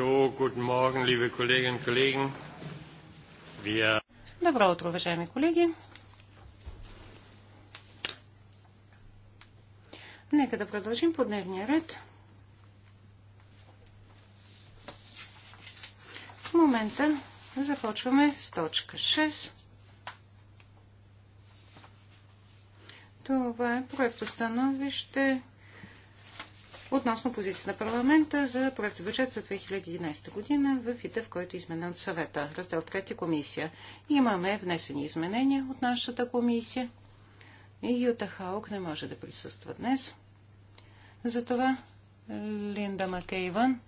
So, guten Morgen, liebe Kolleginnen und Kollegen. Wir... Добро утро, уважаеми колеги. Нека да продължим по дневния ред. В момента започваме с точка 6. Това е проектостановище относно позицията на парламента за проект бюджет за 2011 година в вида, в който е изменен съвета, раздел 3 комисия. Имаме внесени изменения от нашата комисия и Юта Хаук не може да присъства днес. Затова Линда Макейван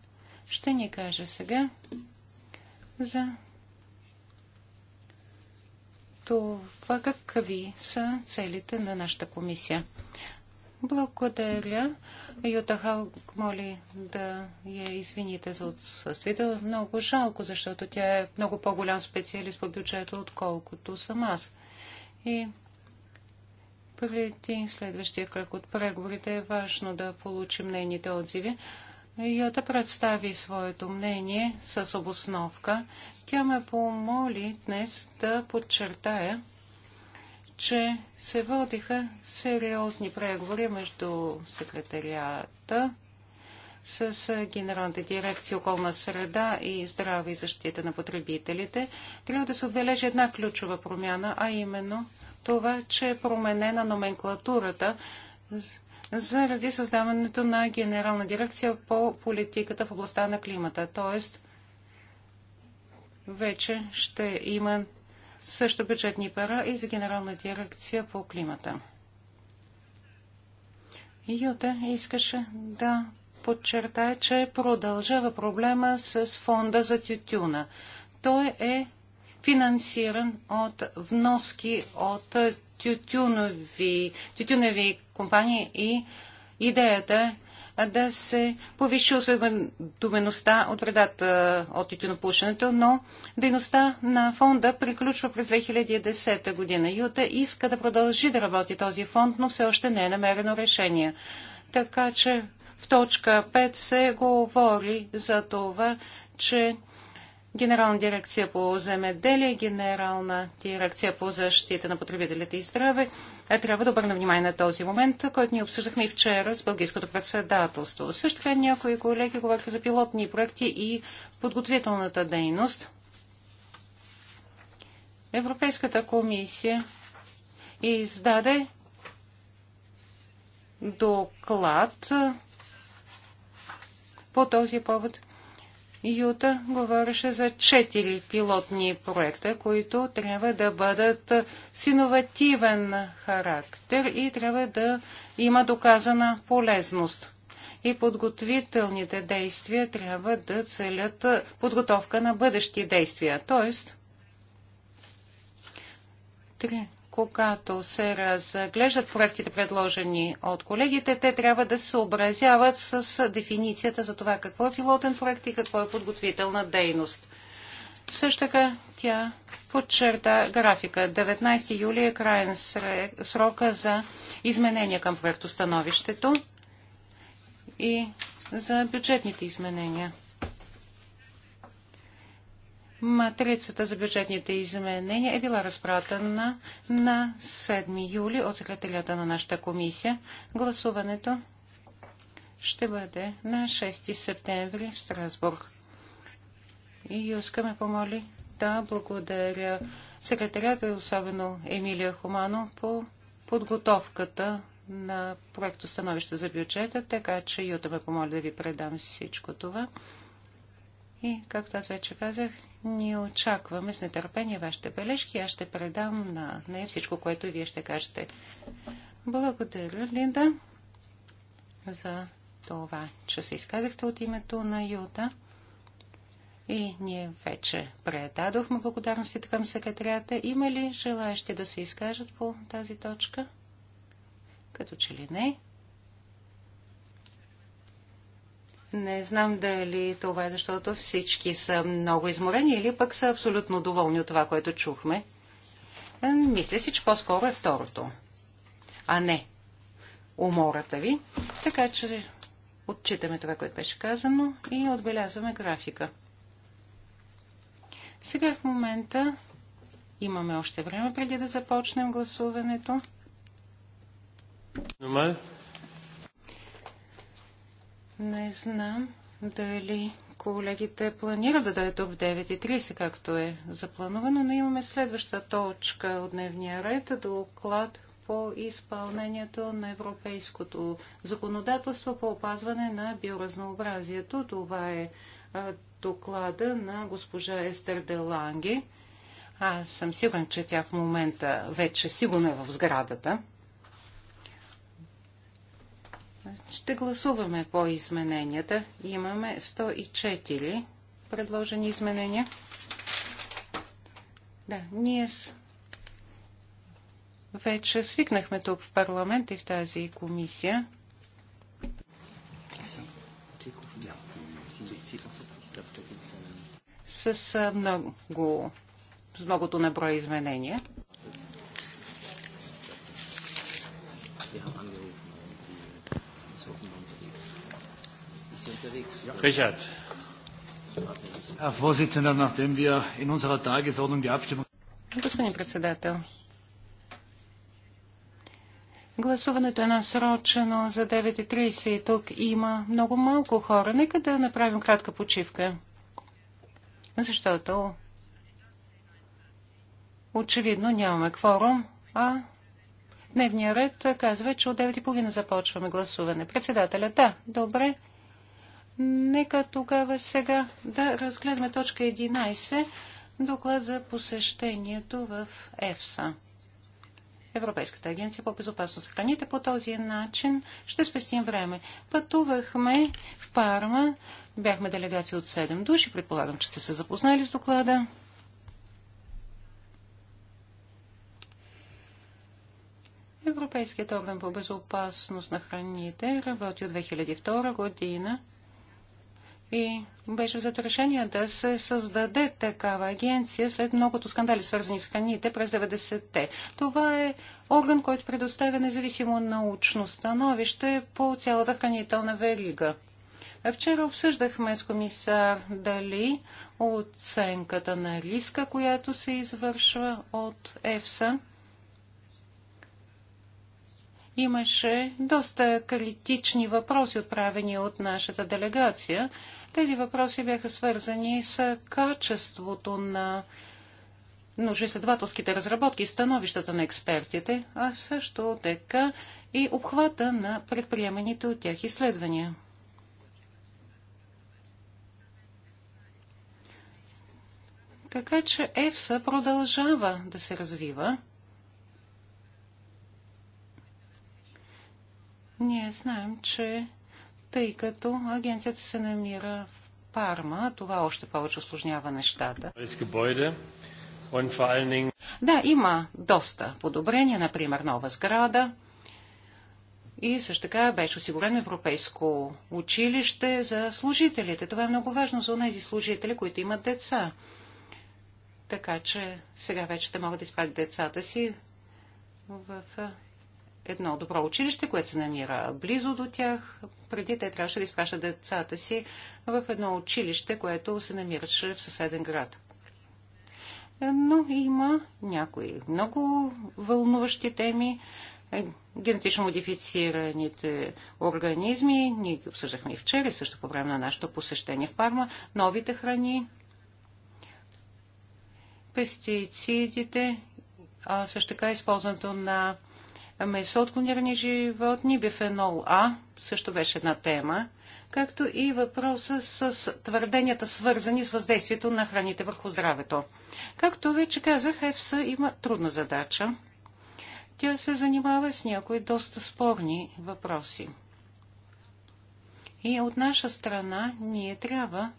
ще ни каже сега за това какви са целите на нашата комисия. Благодаря. Юта Халк моли да я извините за отсъствието. Много жалко, защото тя е много по-голям специалист по бюджета, отколкото съм аз. И преди следващия кръг от преговорите е важно да получим нейните отзиви. Йота представи своето мнение с обосновка. Тя ме помоли днес да подчертая, че се водиха сериозни преговори между секретарията с Генералната дирекция околна среда и здраве и защита на потребителите, трябва да се отбележи една ключова промяна, а именно това, че е променена номенклатурата заради създаването на Генерална дирекция по политиката в областта на климата. Тоест, вече ще има също бюджетни пара и за Генерална дирекция по климата. Юта искаше да подчертая, че продължава проблема с фонда за тютюна. Той е финансиран от вноски от тютюнови, тютюнови компании и идеята е да се повиши осведомеността от вредата от тютюнопушенето, но дейността на фонда приключва през 2010 година. Юта иска да продължи да работи този фонд, но все още не е намерено решение. Така че в точка 5 се говори за това, че Генерална дирекция по земеделие, Генерална дирекция по защита на потребителите и здраве е, трябва да обърна внимание на този момент, който ние обсъждахме и вчера с Бългийското председателство. Също така някои колеги говориха за пилотни проекти и подготвителната дейност. Европейската комисия издаде доклад по този повод – Юта говореше за четири пилотни проекта, които трябва да бъдат с иновативен характер и трябва да има доказана полезност. И подготвителните действия трябва да целят подготовка на бъдещи действия. Тоест, когато се разглеждат проектите, предложени от колегите, те трябва да се съобразяват с дефиницията за това какво е пилотен проект и какво е подготвителна дейност. Също така тя подчерта графика. 19 юли е крайен срока за изменения към проектостановището и за бюджетните изменения. Матрицата за бюджетните изменения е била разпратена на 7 юли от секретарията на нашата комисия. Гласуването ще бъде на 6 септември в Страсбург. И Юска ме помоли да благодаря секретарята и особено Емилия Хумано по подготовката на проекто становище за бюджета, така че Юта ме помоли да ви предам всичко това. И, както аз вече казах, ние очакваме с нетърпение вашите бележки. Аз ще предам на нея всичко, което вие ще кажете. Благодаря, Линда, за това, че се изказахте от името на Юта. И ние вече предадохме благодарностите към секретарията. Има ли желаящи да се изкажат по тази точка? Като че ли не? Не знам дали това е защото всички са много изморени или пък са абсолютно доволни от това, което чухме. Е, мисля си, че по-скоро е второто. А не умората ви. Така че отчитаме това, което беше казано и отбелязваме графика. Сега в момента имаме още време преди да започнем гласуването. Нормально. Не знам дали колегите планират да дойдат в 9.30, както е заплановано, но имаме следваща точка от дневния ред, доклад по изпълнението на европейското законодателство по опазване на биоразнообразието. Това е доклада на госпожа Естер Деланги. Аз съм сигурен, че тя в момента вече сигурно е в сградата. Ще гласуваме по измененията. Имаме 104 предложени изменения. Да, ние с... вече свикнахме тук в парламент и в тази комисия. С много с многото наброя изменения. Richard. Herr Vorsitzender, nachdem wir in unserer Tagesordnung die Abstimmung... Господин председател, гласуването е насрочено за 9.30 и тук има много малко хора. Нека да направим кратка почивка, защото очевидно нямаме кворум, а дневния ред казва, че от 9.30 започваме гласуване. Председателя, да, добре. Нека тогава сега да разгледаме точка 11, доклад за посещението в ЕФСА. Европейската агенция по безопасност на храните. По този начин ще спестим време. Пътувахме в Парма, бяхме делегация от 7 души, предполагам, че сте се запознали с доклада. Европейският орган по безопасност на храните работи от 2002 година и беше взето решение да се създаде такава агенция след многото скандали, свързани с храните през 90-те. Това е орган, който предоставя независимо научно становище по цялата хранителна верига. Вчера обсъждахме с комисар дали оценката на риска, която се извършва от ЕФСА, имаше доста критични въпроси, отправени от нашата делегация. Тези въпроси бяха свързани с качеството на научно-изследователските разработки и становищата на експертите, а също така и обхвата на предприеманите от тях изследвания. Така че ЕФСА продължава да се развива. Ние знаем, че тъй като агенцията се намира в Парма. Това още повече осложнява нещата. Да, има доста подобрения, например нова сграда. И също така беше осигурено европейско училище за служителите. Това е много важно за тези служители, които имат деца. Така че сега вече те могат да изпратят децата си в едно добро училище, което се намира близо до тях, преди те трябваше да изпращат децата си в едно училище, което се намираше в съседен град. Е, но има някои много вълнуващи теми. Е, генетично модифицираните организми, ние ги обсъждахме и вчера, също по време на нашето посещение в Парма, новите храни, пестицидите, а също така използването на месо от клонирани животни, бифенол А, също беше една тема, както и въпроса с твърденията, свързани с въздействието на храните върху здравето. Както вече казах, ЕФСА има трудна задача. Тя се занимава с някои доста спорни въпроси. И от наша страна ние трябва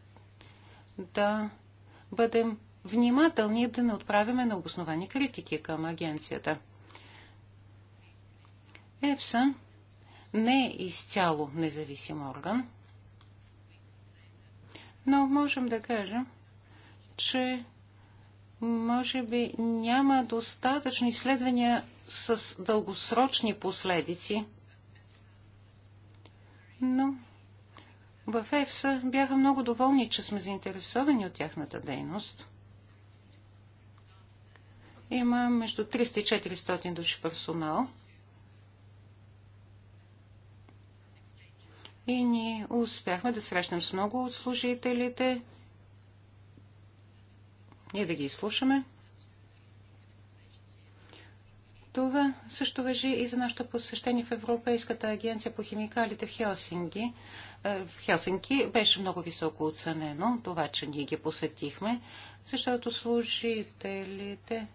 да бъдем внимателни да не отправяме на обосновани критики към агенцията. ЕФСА не е изцяло независим орган, но можем да кажем, че може би няма достатъчно изследвания с дългосрочни последици, но в ЕФСА бяха много доволни, че сме заинтересовани от тяхната дейност. Има между 300 и 400 души персонал – и ние успяхме да срещнем с много от служителите и да ги изслушаме. Това също въжи и за нашето посещение в Европейската агенция по химикалите в Хелсинки. Е, в Хелсинки беше много високо оценено това, че ние ги посетихме, защото служителите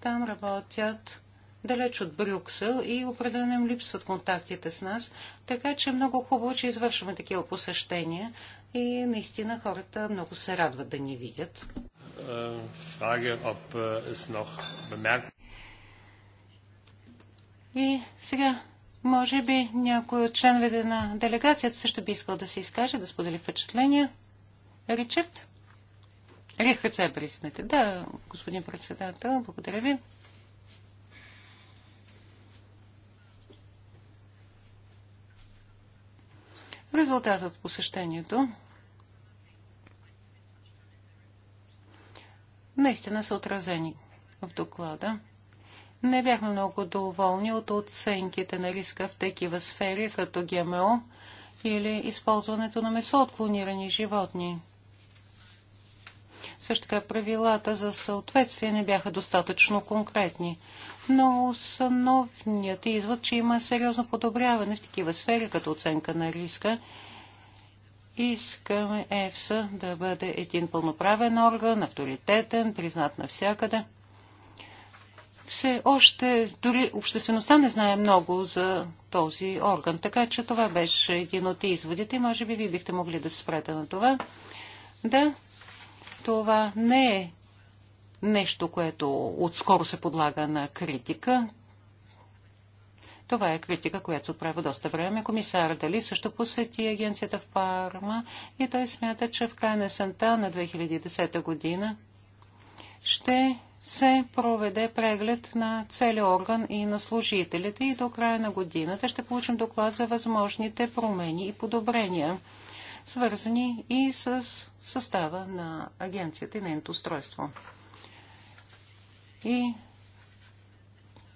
там работят далеч от Брюксел и определено им липсват контактите с нас, така че е много хубаво, че извършваме такива посещения и наистина хората много се радват да ни видят. Е, е, и сега, може би, някой от членовете на делегацията също би искал да се изкаже, да сподели впечатления. Ричард? Рихът се Да, господин председател, благодаря ви. Резултатът резултат от посещението наистина са отразени в доклада. Не бяхме много доволни от оценките на риска в такива сфери, като ГМО или използването на месо от клонирани животни. Също така правилата за съответствие не бяха достатъчно конкретни но основният извод, че има сериозно подобряване в такива сфери, като оценка на риска. Искаме ЕФСА да бъде един пълноправен орган, авторитетен, признат навсякъде. Все още дори обществеността не знае много за този орган, така че това беше един от изводите и може би ви бихте могли да се спрете на това. Да, това не е нещо, което отскоро се подлага на критика. Това е критика, която се отправя доста време. Комисар Дали също посети агенцията в Парма и той смята, че в края на есента на 2010 година ще се проведе преглед на целия орган и на служителите и до края на годината ще получим доклад за възможните промени и подобрения, свързани и с състава на агенцията и нейното устройство. И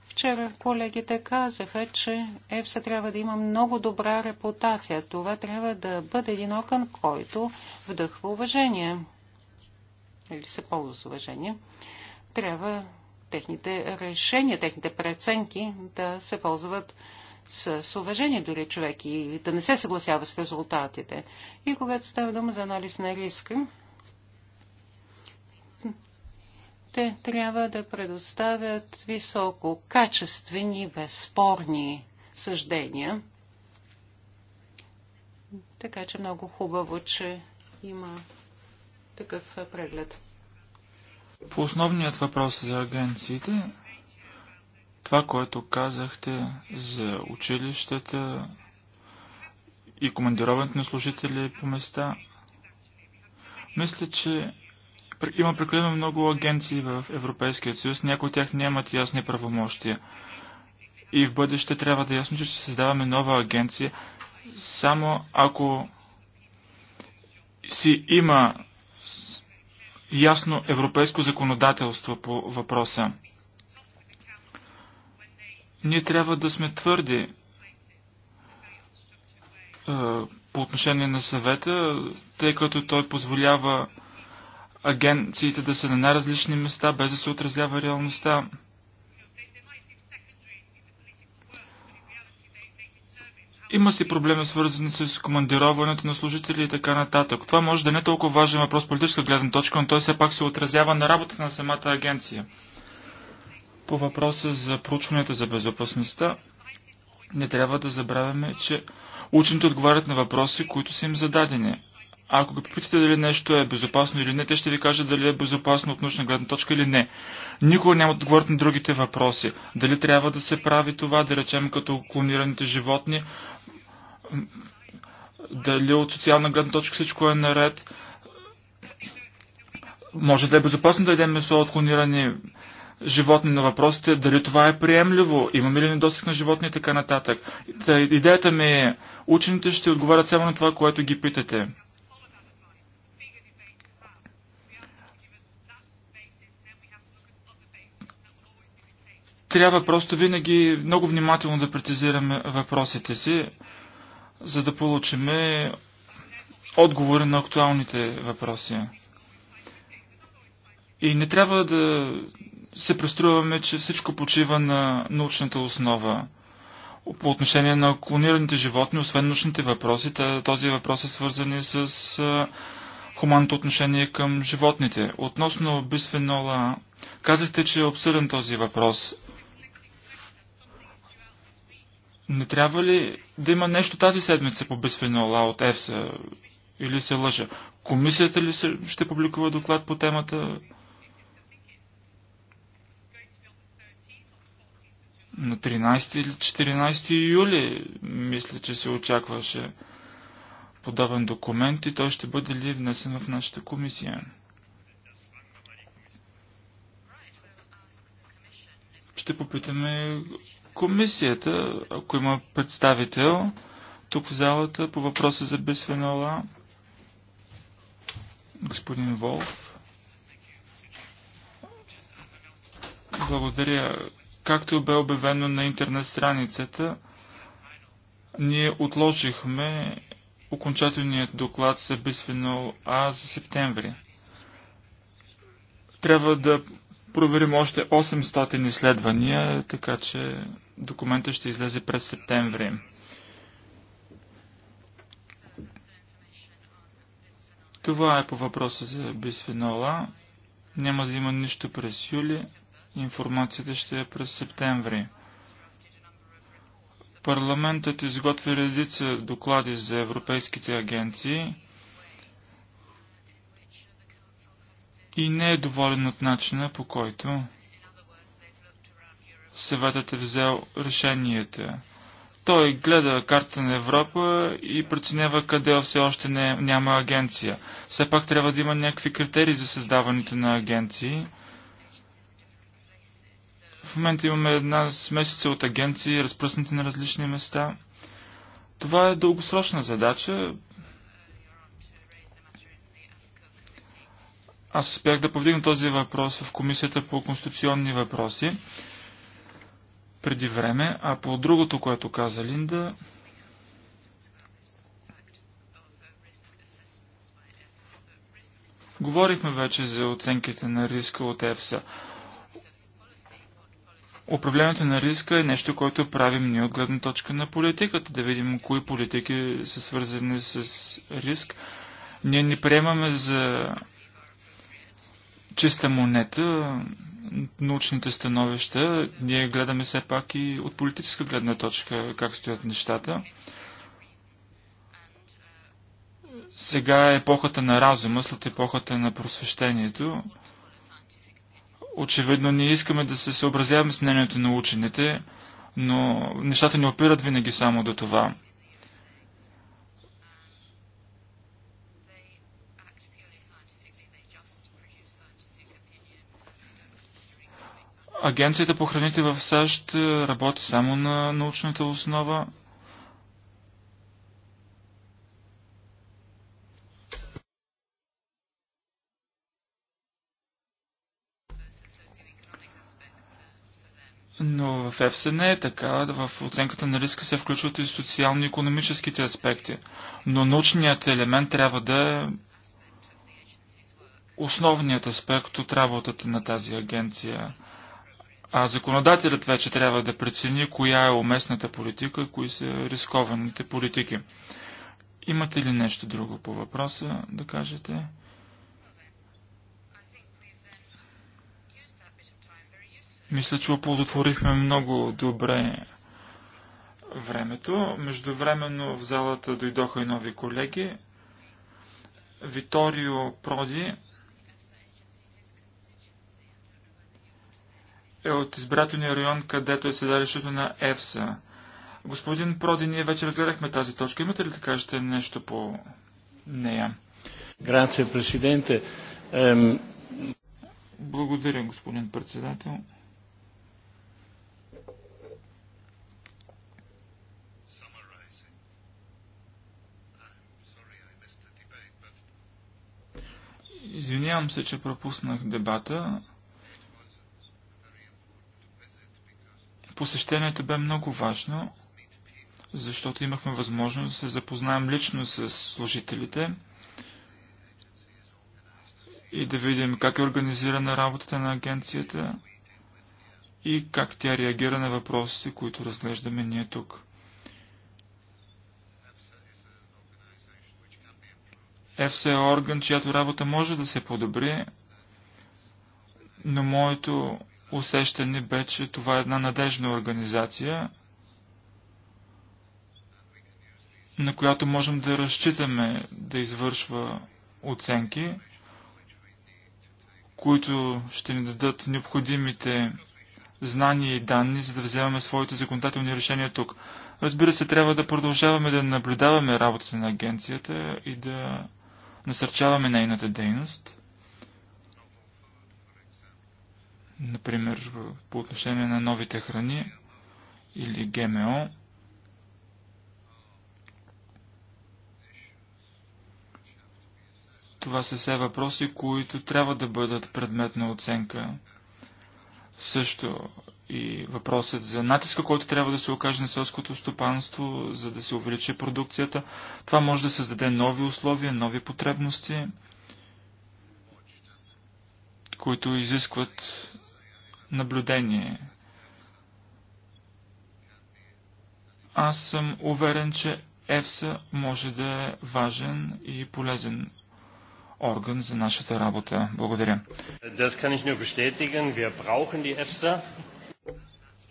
вчера колегите казаха, че ЕФСА трябва да има много добра репутация. Това трябва да бъде един окън, който вдъхва уважение или се ползва с уважение. Трябва техните решения, техните преценки да се ползват с уважение дори човек и да не се съгласява с резултатите. И когато става дума за анализ на риска, те трябва да предоставят високо качествени, безспорни съждения. Така че много хубаво, че има такъв преглед. По основният въпрос за агенциите, това, което казахте за училищата и командироването на служители по места, мисля, че има прекалено много агенции в Европейския съюз, някои от тях нямат ясни правомощия. И в бъдеще трябва да е ясно, че ще създаваме нова агенция, само ако си има ясно европейско законодателство по въпроса. Ние трябва да сме твърди е, по отношение на съвета, тъй като той позволява агенциите да са на най-различни места, без да се отразява реалността. Има си проблеми свързани с командироването на служители и така нататък. Това може да е не е толкова важен въпрос политическа гледна точка, но той все пак се отразява на работата на самата агенция. По въпроса за проучванията за безопасността, не трябва да забравяме, че учените отговарят на въпроси, които са им зададени. Ако ги попитате дали нещо е безопасно или не, те ще ви кажат дали е безопасно от научна гледна точка или не. Никога няма да отговорят на другите въпроси. Дали трябва да се прави това, да речем като клонираните животни, дали от социална гледна точка всичко е наред. Може да е безопасно да ядем месо от клонирани животни на въпросите, дали това е приемливо, имаме ли недостиг на животни и така нататък. идеята ми е, учените ще отговарят само на това, което ги питате. трябва просто винаги много внимателно да претизираме въпросите си, за да получим отговори на актуалните въпроси. И не трябва да се преструваме, че всичко почива на научната основа. По отношение на клонираните животни, освен научните въпроси, този въпрос е свързан и с хуманното отношение към животните. Относно бисфенола, казахте, че е обсъден този въпрос. Не трябва ли да има нещо тази седмица по бисфенола от ЕФСА? Или се лъжа? Комисията ли ще публикува доклад по темата? На 13 или 14 юли, мисля, че се очакваше подобен документ и той ще бъде ли внесен в нашата комисия? Ще попитаме Комисията, ако има представител тук в залата по въпроса за бисфенола, господин Волф. Благодаря. Както бе обявено на интернет страницата, ние отложихме окончателният доклад за бисфенол А за септември. Трябва да проверим още 800 изследвания, така че Документът ще излезе през септември. Това е по въпроса за бисфенола. Няма да има нищо през юли. Информацията ще е през септември. Парламентът изготви редица доклади за европейските агенции и не е доволен от начина по който съветът е взел решенията. Той гледа карта на Европа и преценява къде все още не, няма агенция. Все пак трябва да има някакви критерии за създаването на агенции. В момента имаме една смесица от агенции, разпръснати на различни места. Това е дългосрочна задача. Аз успях да повдигна този въпрос в Комисията по конституционни въпроси преди време, а по другото, което каза Линда, говорихме вече за оценките на риска от ЕФСА. Управлението на риска е нещо, което правим ние от гледна точка на политиката, да видим кои политики са свързани с риск. Ние не приемаме за чиста монета научните становища. Ние гледаме все пак и от политическа гледна точка как стоят нещата. Сега е епохата на разума, след епохата на просвещението. Очевидно ние искаме да се съобразяваме с мнението на учените, но нещата не опират винаги само до това. Агенцията по храните в САЩ е, работи само на научната основа. Но в ЕФСА не е така. В оценката на риска се включват и социално-економическите аспекти. Но научният елемент трябва да е основният аспект от работата на тази агенция. А законодателят вече трябва да прецени коя е уместната политика и кои са рискованите политики. Имате ли нещо друго по въпроса да кажете? Мисля, че оползотворихме много добре времето. Междувременно в залата дойдоха и нови колеги. Виторио Проди е от избирателния район, където е седалището на ЕФСА. Господин Проди, ние вече разгледахме тази точка. Имате ли да кажете нещо по нея? Грация, президенте. Ем... Благодаря, господин председател. Извинявам се, че пропуснах дебата. Посещението бе много важно, защото имахме възможност да се запознаем лично с служителите и да видим как е организирана работата на агенцията и как тя реагира на въпросите, които разглеждаме ние тук. ЕФСА е орган, чиято работа може да се подобри, но моето усещане бе, че това е една надежна организация, на която можем да разчитаме да извършва оценки, които ще ни дадат необходимите знания и данни, за да вземаме своите законодателни решения тук. Разбира се, трябва да продължаваме да наблюдаваме работата на агенцията и да насърчаваме нейната дейност. Например, по отношение на новите храни или ГМО. Това са все въпроси, които трябва да бъдат предмет на оценка. Също и въпросът за натиска, който трябва да се окаже на селското стопанство, за да се увеличи продукцията. Това може да създаде нови условия, нови потребности, които изискват наблюдение. Аз съм уверен, че ЕФСА може да е важен и полезен орган за нашата работа. Благодаря.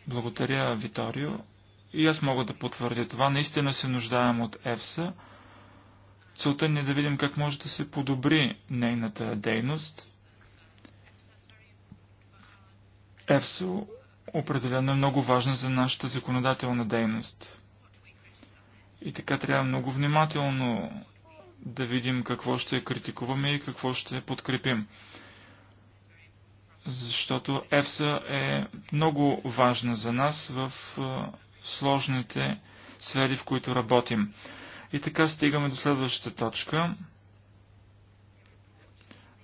Благодаря, Виторио. И аз мога да потвърдя това. Наистина се нуждаем от ЕФСА. Целта ни е да видим как може да се подобри нейната дейност. ЕФСО определено е много важна за нашата законодателна дейност. И така трябва много внимателно да видим какво ще критикуваме и какво ще подкрепим. Защото ЕФСА е много важна за нас в сложните сфери, в които работим. И така стигаме до следващата точка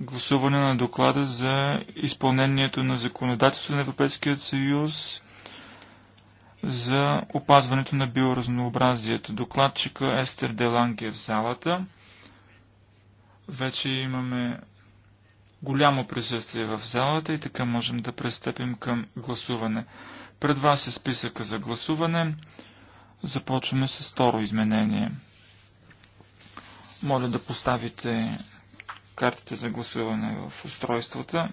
гласуване на доклада за изпълнението на законодателството на Европейския съюз за опазването на биоразнообразието. Докладчика Естер Деланге е в залата. Вече имаме голямо присъствие в залата и така можем да пристъпим към гласуване. Пред вас е списъка за гласуване. Започваме с второ изменение. Моля да поставите картите за гласуване в устройствата,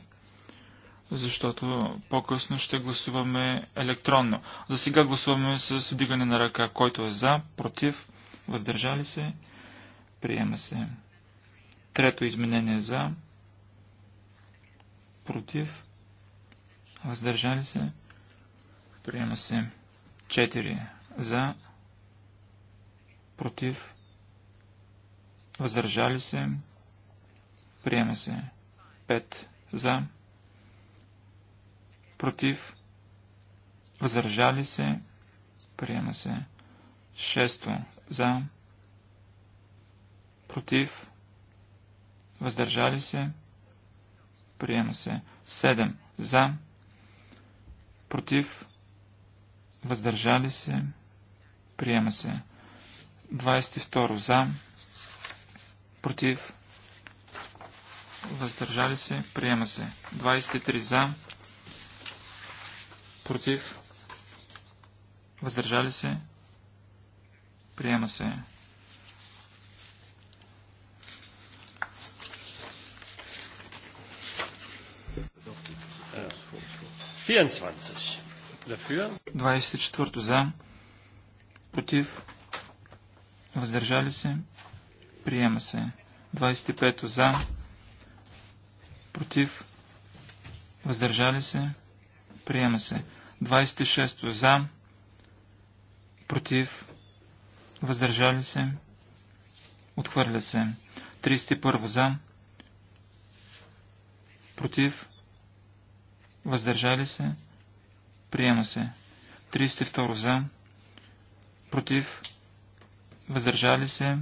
защото по-късно ще гласуваме електронно. За сега гласуваме с вдигане на ръка, който е за, против, въздържали се, приема се. Трето изменение е за, против, въздържали се, приема се. Четири е за, против, въздържали се, Приема се. 5 за. Против. Въздържали се. Приема се. 6 за. Против. Въздържали се. Приема се. 7 за. Против. Въздържали се. Приема се. 22 за. Против въздържали се, приема се. 23 за, против, въздържали се, приема се. Dafür. 24 за, против, въздържали се, приема се. 25 за, против, въздържали се, приема се. 26 за, против, въздържали се, отхвърля се. 31 за, против, въздържали се, приема се. 32 за, против, въздържали се,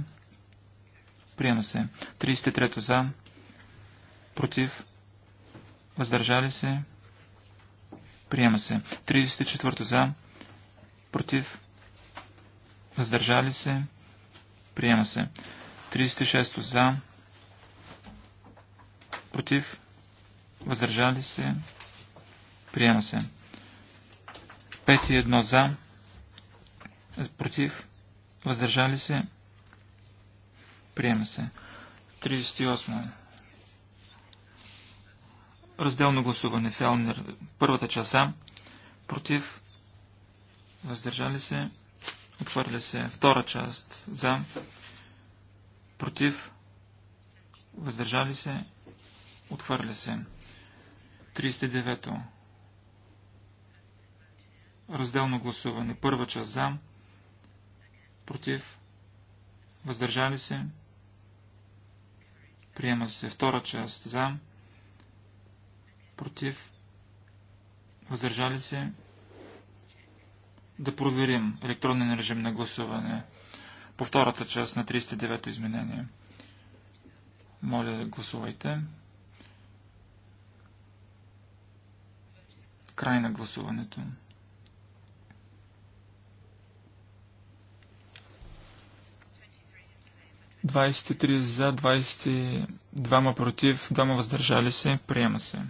приема се. 33 за, против, въздържали се, приема се. 34 за, против, въздържали се, приема се. 36 за, против, въздържали се, приема се. 5 за, против, въздържали се, приема се. 38 Разделно гласуване. Фелнер. Първата част за. Против. Въздържали се. Отхвърля се. Втора част за. Против. Въздържали се. Отхвърля се. 39. Разделно гласуване. Първа част за. Против. Въздържали се. Приема се. Втора част за против, въздържали се. Да проверим електронен режим на гласуване по втората част на 39-то изменение. Моля, гласувайте. Край на гласуването. Двадесет за, 22 против, 2 въздържали се, приема се.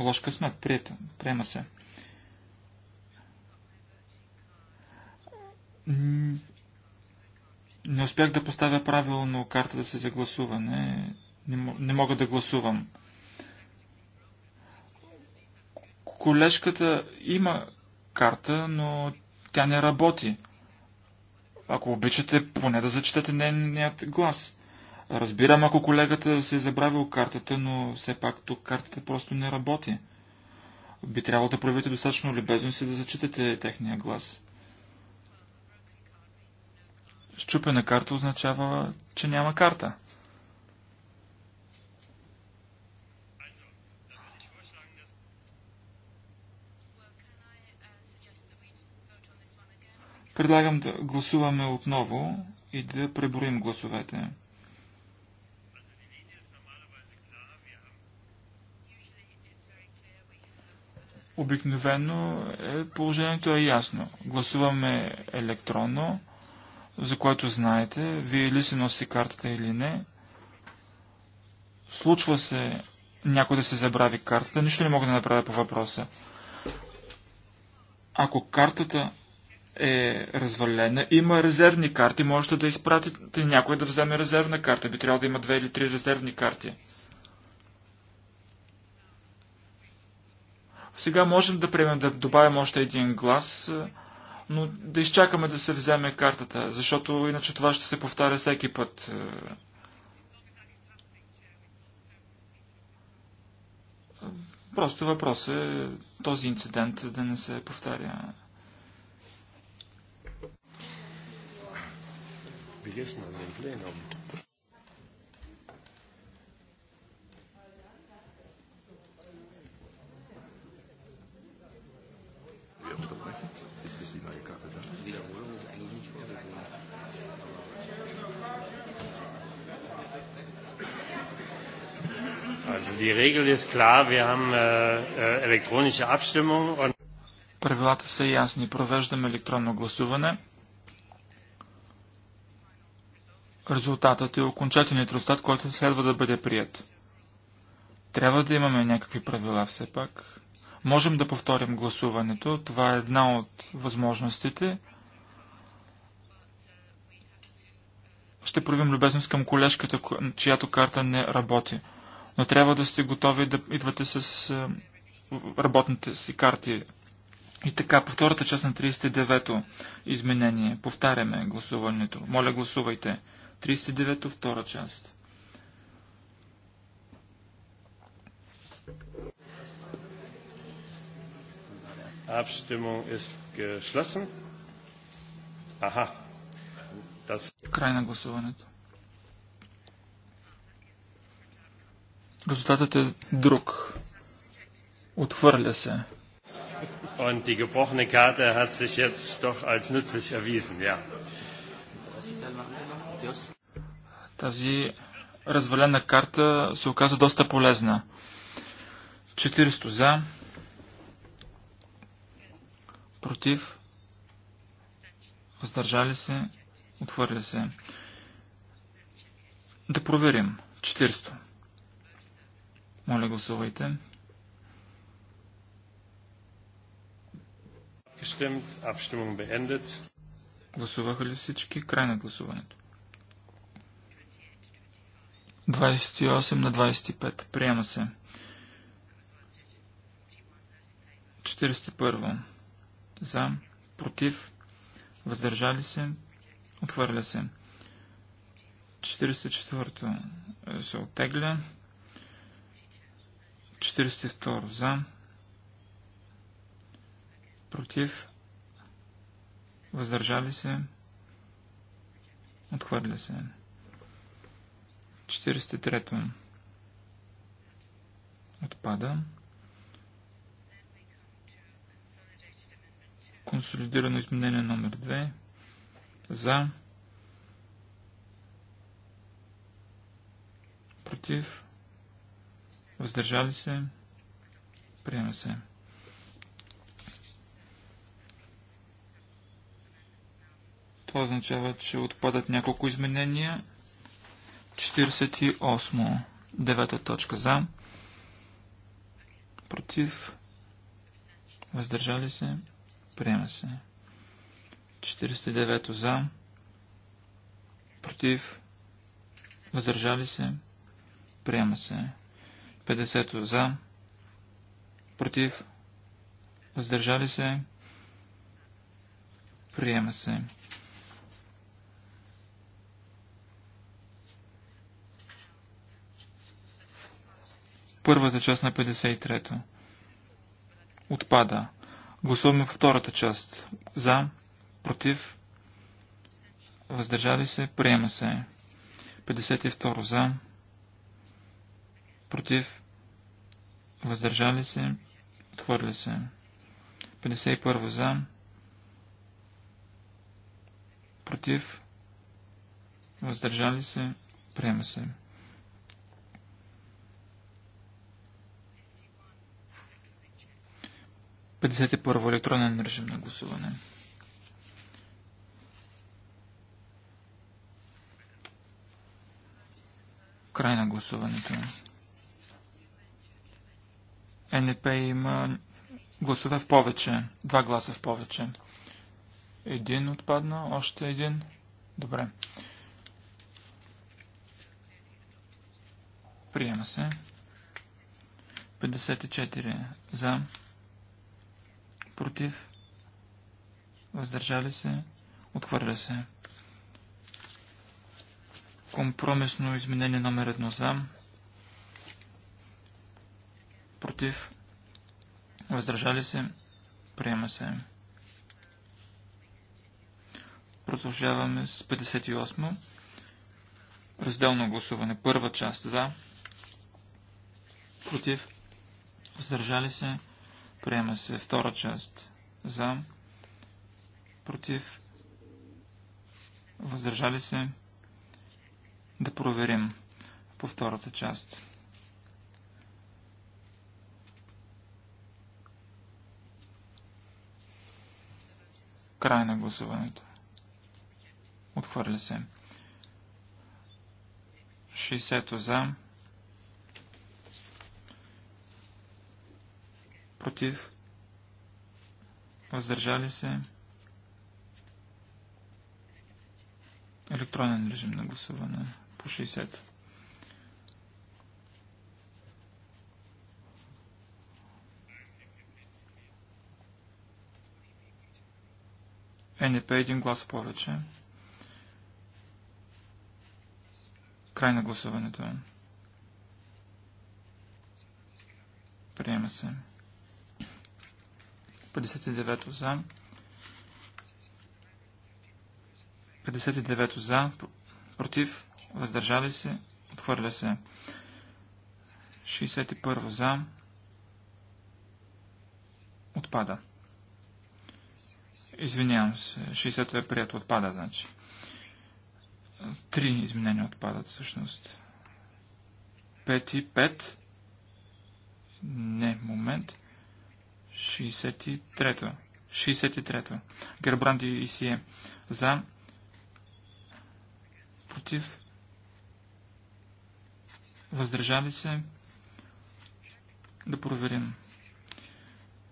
Лош късмет, прието. Приема се. Не успях да поставя правилно картата си за гласуване. Не, не мога да гласувам. Колежката има карта, но тя не работи. Ако обичате, поне да зачетете нейният глас. Разбирам, ако колегата се е забравил картата, но все пак тук картата просто не работи. Би трябвало да проявите достатъчно любезност и да зачитате техния глас. Щупена карта означава, че няма карта. Предлагам да гласуваме отново и да преброим гласовете. Обикновено е, положението е ясно. Гласуваме електронно, за което знаете, вие ли се носите картата или не. Случва се някой да се забрави картата, нищо не мога да направя по въпроса. Ако картата е развалена, има резервни карти, можете да изпратите някой да вземе резервна карта. Би трябвало да има две или три резервни карти. Сега можем да приемем да добавим още един глас, е, но да изчакаме да се вземе картата, защото иначе това ще се повтаря всеки път. Е. Просто въпрос е този инцидент да не се повтаря. Билесна земплена. wir unterbrechen. Ist die neue Karte da? Wiederholung ist eigentlich nicht vorgesehen. Also die Regel ist klar, wir haben äh, äh, elektronische Abstimmung und Правилата са ясни. Провеждаме електронно гласуване. Резултатът е окончателният резултат, който следва да бъде прият. Трябва да имаме някакви правила все пак. Можем да повторим гласуването. Това е една от възможностите. Ще проявим любезност към колежката, чиято карта не работи. Но трябва да сте готови да идвате с е, работните си карти. И така, по втората част на 39-то изменение. Повтаряме гласуването. Моля, гласувайте. 39-то, втора част. Abstimmung ist geschlossen. Aha. Das... Край на гласуването. Резултатът е друг. Отхвърля се. Und die gebrochene Karte hat sich jetzt doch als nützlich erwiesen, ja. Тази развалена карта се оказа доста полезна. 400 за, против, въздържали се, отвърля се. Да проверим. 400. Моля, гласувайте. Гласуваха ли всички? Край на гласуването. 28 на 25. Приема се. 41 за, против, въздържали се, отвърля се. 44 се оттегля. 42 за, против, въздържали се, отхвърля се. 43 е, отпада. Консолидирано изменение номер 2. За. Против. Въздържали се. Приема се. Това означава, че отпадат няколко изменения. 48. Девета точка за. Против. Въздържали се. Приема се. 49 за. Против. Въздържали се. Приема се. 50 за. Против. Въздържали се. Приема се. Първата част на 53-то. Отпада. Гласуваме по втората част. За, против, въздържали се, приема се. 52 за, против, въздържали се, отхвърли се. 51 за, против, въздържали се, приема се. 51 во електронен режим на гласуване. Край на гласуването. НП има гласове в повече. Два гласа в повече. Един отпадна, още един. Добре. Приема се. 54 за против, въздържали се, отхвърля се. Компромисно изменение номер едно за, против, въздържали се, приема се. Продължаваме с 58. Разделно гласуване. Първа част за. Против. Въздържали се. Приема се втора част за, против, въздържали се. Да проверим по втората част. Край на гласуването. Отхвърля се. 60 за, против, въздържали се. Електронен режим на гласуване по 60. Е, НП един глас повече. Край на гласуването. Приема се. 59 за. 59 за. Против. Въздържали се. Отхвърля се. 61 за. Отпада. Извинявам се. 60-то е прието. Отпада, значи. Три изменения отпадат, всъщност. Пет и 5. Не, момент. 63-то. 63 Гербранди и Сие. За. Против. Въздържали се. Да проверим.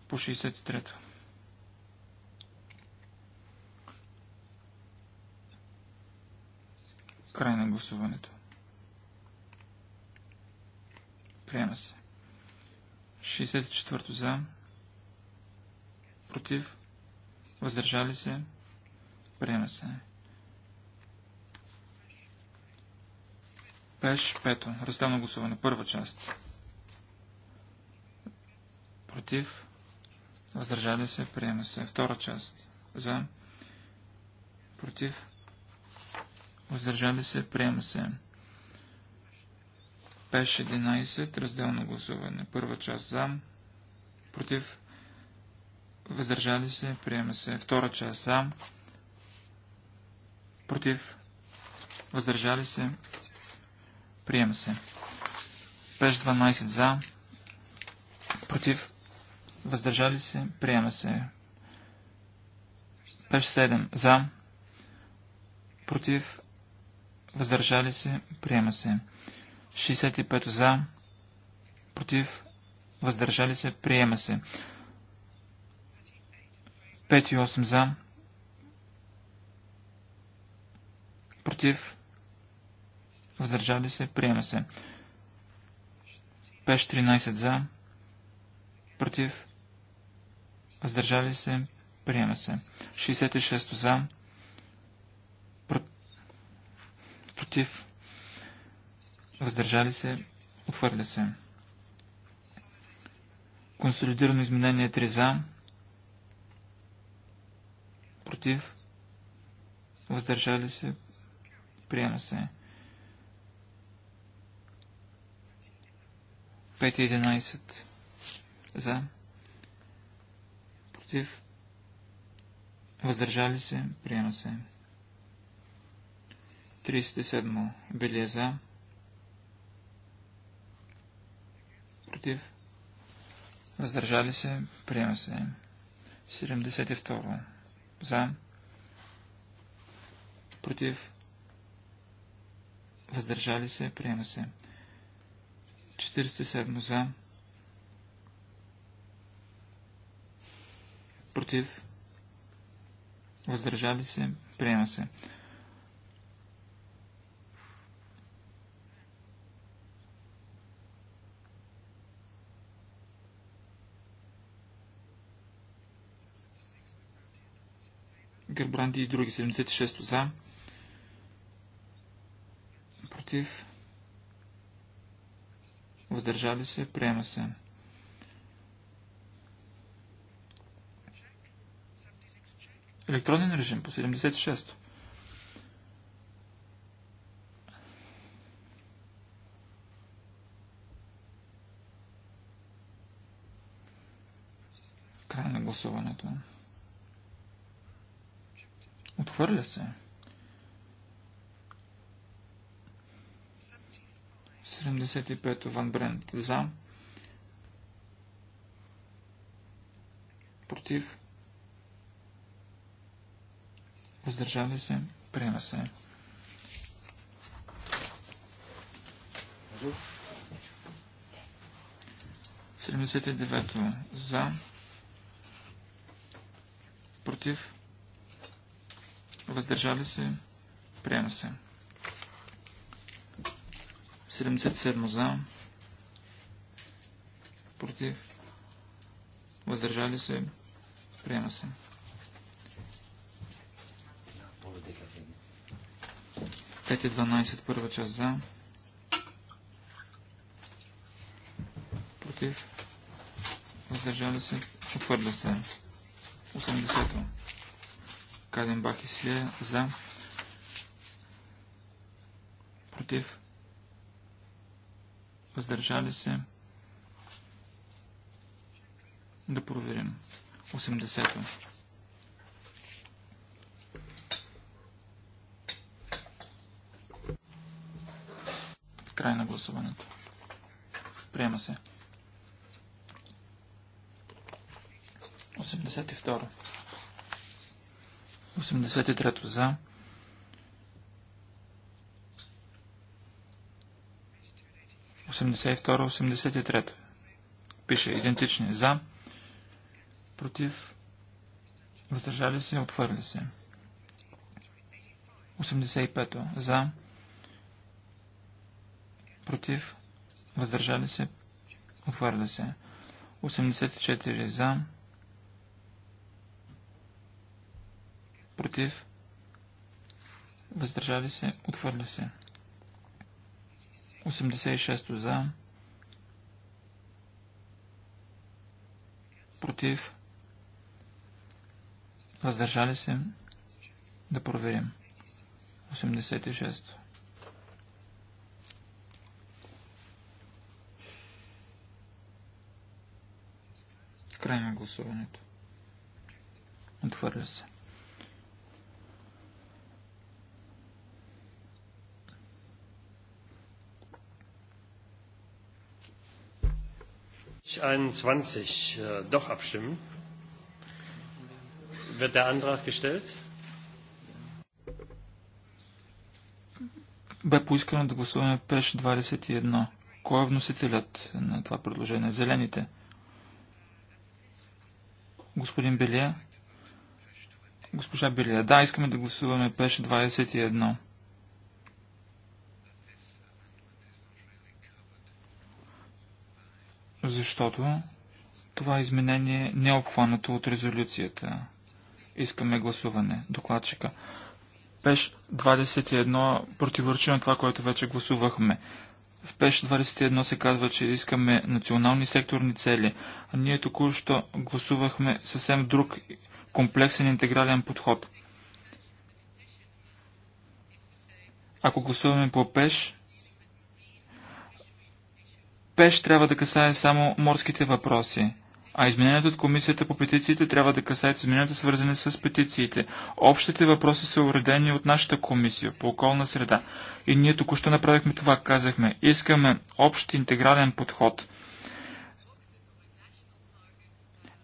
По 63-то. Край на гласуването. Приема се. 64-то за против, въздържали се, приема се. Пеш, пето, разделно гласуване, първа част. Против, въздържали се, приема се. Втора част, за, против, въздържали се, приема се. Пеш 11, разделно гласуване. Първа част за, против, Въздържали се. Приема се. Втора част за. Против. Въздържали се. Приема се. Пеш 12 за. Против. Въздържали се. Приема се. Пеш 7 за. Против. Въздържали се. Приема се. 65 за. Против. Въздържали се. Приема се. 5 и 8 за. Против. Въздържали се. Приема се. 5-13 за. Против. Въздържали се. Приема се. 66 за. Против. Въздържали се. Отвърля се. Консолидирано изменение 3 за против, въздържали се, приема се. 5.11 за, против, въздържали се, приема се. 37. Били за, против, въздържали се, приема се. 72 за, против, въздържали се, приема се. 47 за, против, въздържали се, приема се. Гербранди и други. 76 за. Против. Въздържали се. Приема се. Електронен режим по 76-то. Край на гласуването. Отхвърля се. 75 Ван Брент за. Против. Въздържали се. Приема се. Жу. 79 за. Против въздържали се, приема се. 77 за, против, въздържали се, приема се. Пети 12, първа част за, против, въздържали се, отвърля се. 80 Каденбах и Слия за. Против. Въздържали се. Да проверим. 80-то. Край на гласуването. Приема се. 82. 83 за. Осемдесет и Пише идентични. За, против, въздържали се, отвърли се. 85. За, против, въздържали се, отвърли се. 84. За, против, въздържали се, отхвърля се. 86 за, против, въздържали се, да проверим. 86. Край на гласуването. Отхвърля се. 21 äh, doch abstimmen. Wird der Antrag gestellt? Бе поискано да гласуваме ПЕШ 21. Кой е вносителят на това предложение? Зелените. Господин Белия. Госпожа Белия. Да, искаме да гласуваме ПЕШ 21. защото това изменение не е обхванато от резолюцията. Искаме гласуване. Докладчика. Пеш 21 противоречи на това, което вече гласувахме. В Пеш 21 се казва, че искаме национални секторни цели, а ние току-що гласувахме съвсем друг комплексен интегрален подход. Ако гласуваме по Пеш, ПЕШ трябва да касае само морските въпроси, а изменението от Комисията по петициите трябва да касаят измененията свързани с петициите. Общите въпроси са уредени от нашата комисия по околна среда. И ние току-що направихме това, казахме. Искаме общ интегрален подход.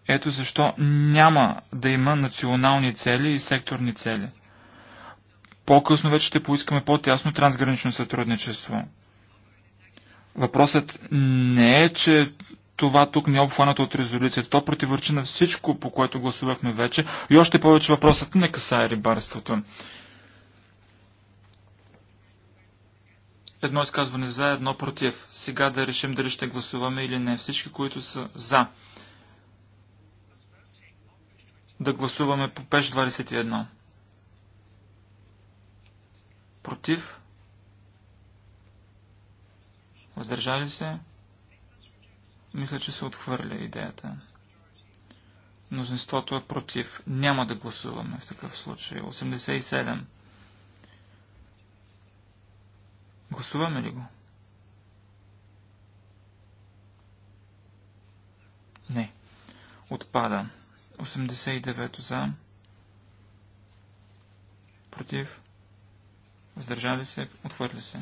Ето защо няма да има национални цели и секторни цели. По-късно вече ще поискаме по-тясно трансгранично сътрудничество. Въпросът не е, че това тук не е обхванато от резолюцията. То противоречи на всичко, по което гласувахме вече. И още повече въпросът не касае рибарството. Едно изказване за, едно против. Сега да решим дали ще гласуваме или не. Всички, които са за. Да гласуваме по ПЕШ 21. Против. Въздържали се? Мисля, че се отхвърля идеята. Мнозинството е против. Няма да гласуваме в такъв случай. 87. Гласуваме ли го? Не. Отпада. 89 за. Против. Въздържали се. Отхвърли се.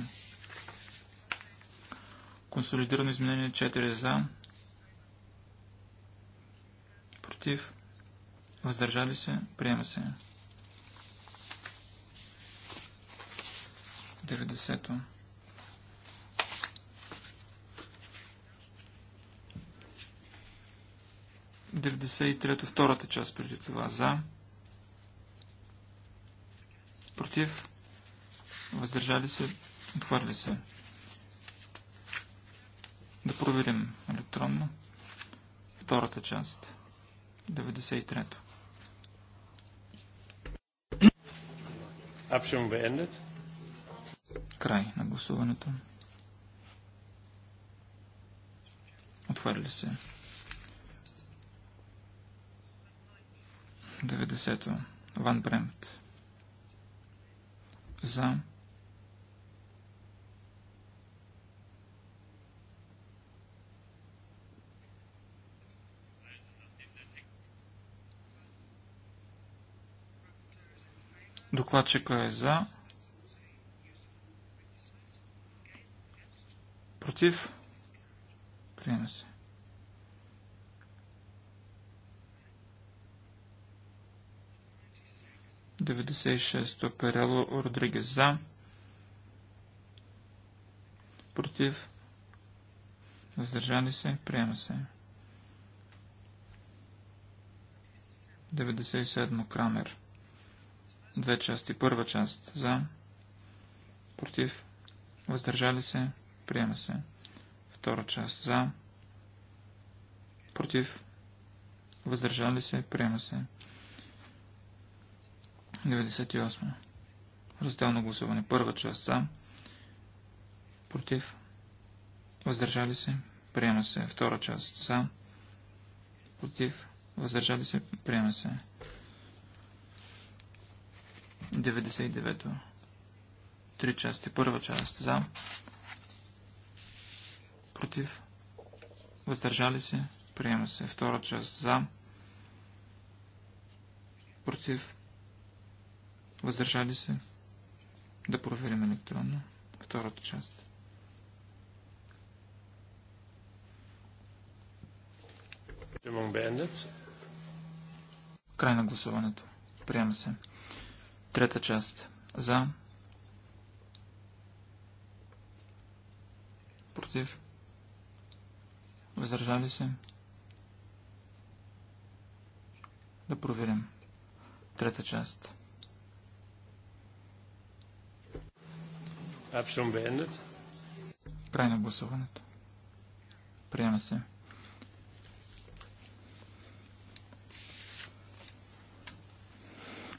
Консолидирано изменение 4 за. Против. Въздържали се. Приема се. 90-то. Деветдесет втората част преди това. За. Против. Въздържали се. Отвърли се. Да проверим електронно. Втората част. 93-то. Abstimmung беендет. Край на гласуването. Отваря се. 90-то. Ван Бремт. За. Докладчика е за. Против. Приема се. Деветдесет Перело Родригес за. Против. Въздържали се. Приема се. 97 Крамер. Две части. Първа част за, против, въздържали се, приема се. Втора част за, против, въздържали се, приема се. 98. Разделно гласуване. Първа част за, против, въздържали се, приема се. Втора част за, против, въздържали се, приема се. 99-то. Три части. Първа част за. Против. Въздържали се. Приема се. Втора част за. Против. Въздържали се. Да проверим електронно. Втората част. Край на гласуването. Приема се. Трета част. За. Против. Въздържали се. Да проверим. Трета част. Край на гласуването. Приема се.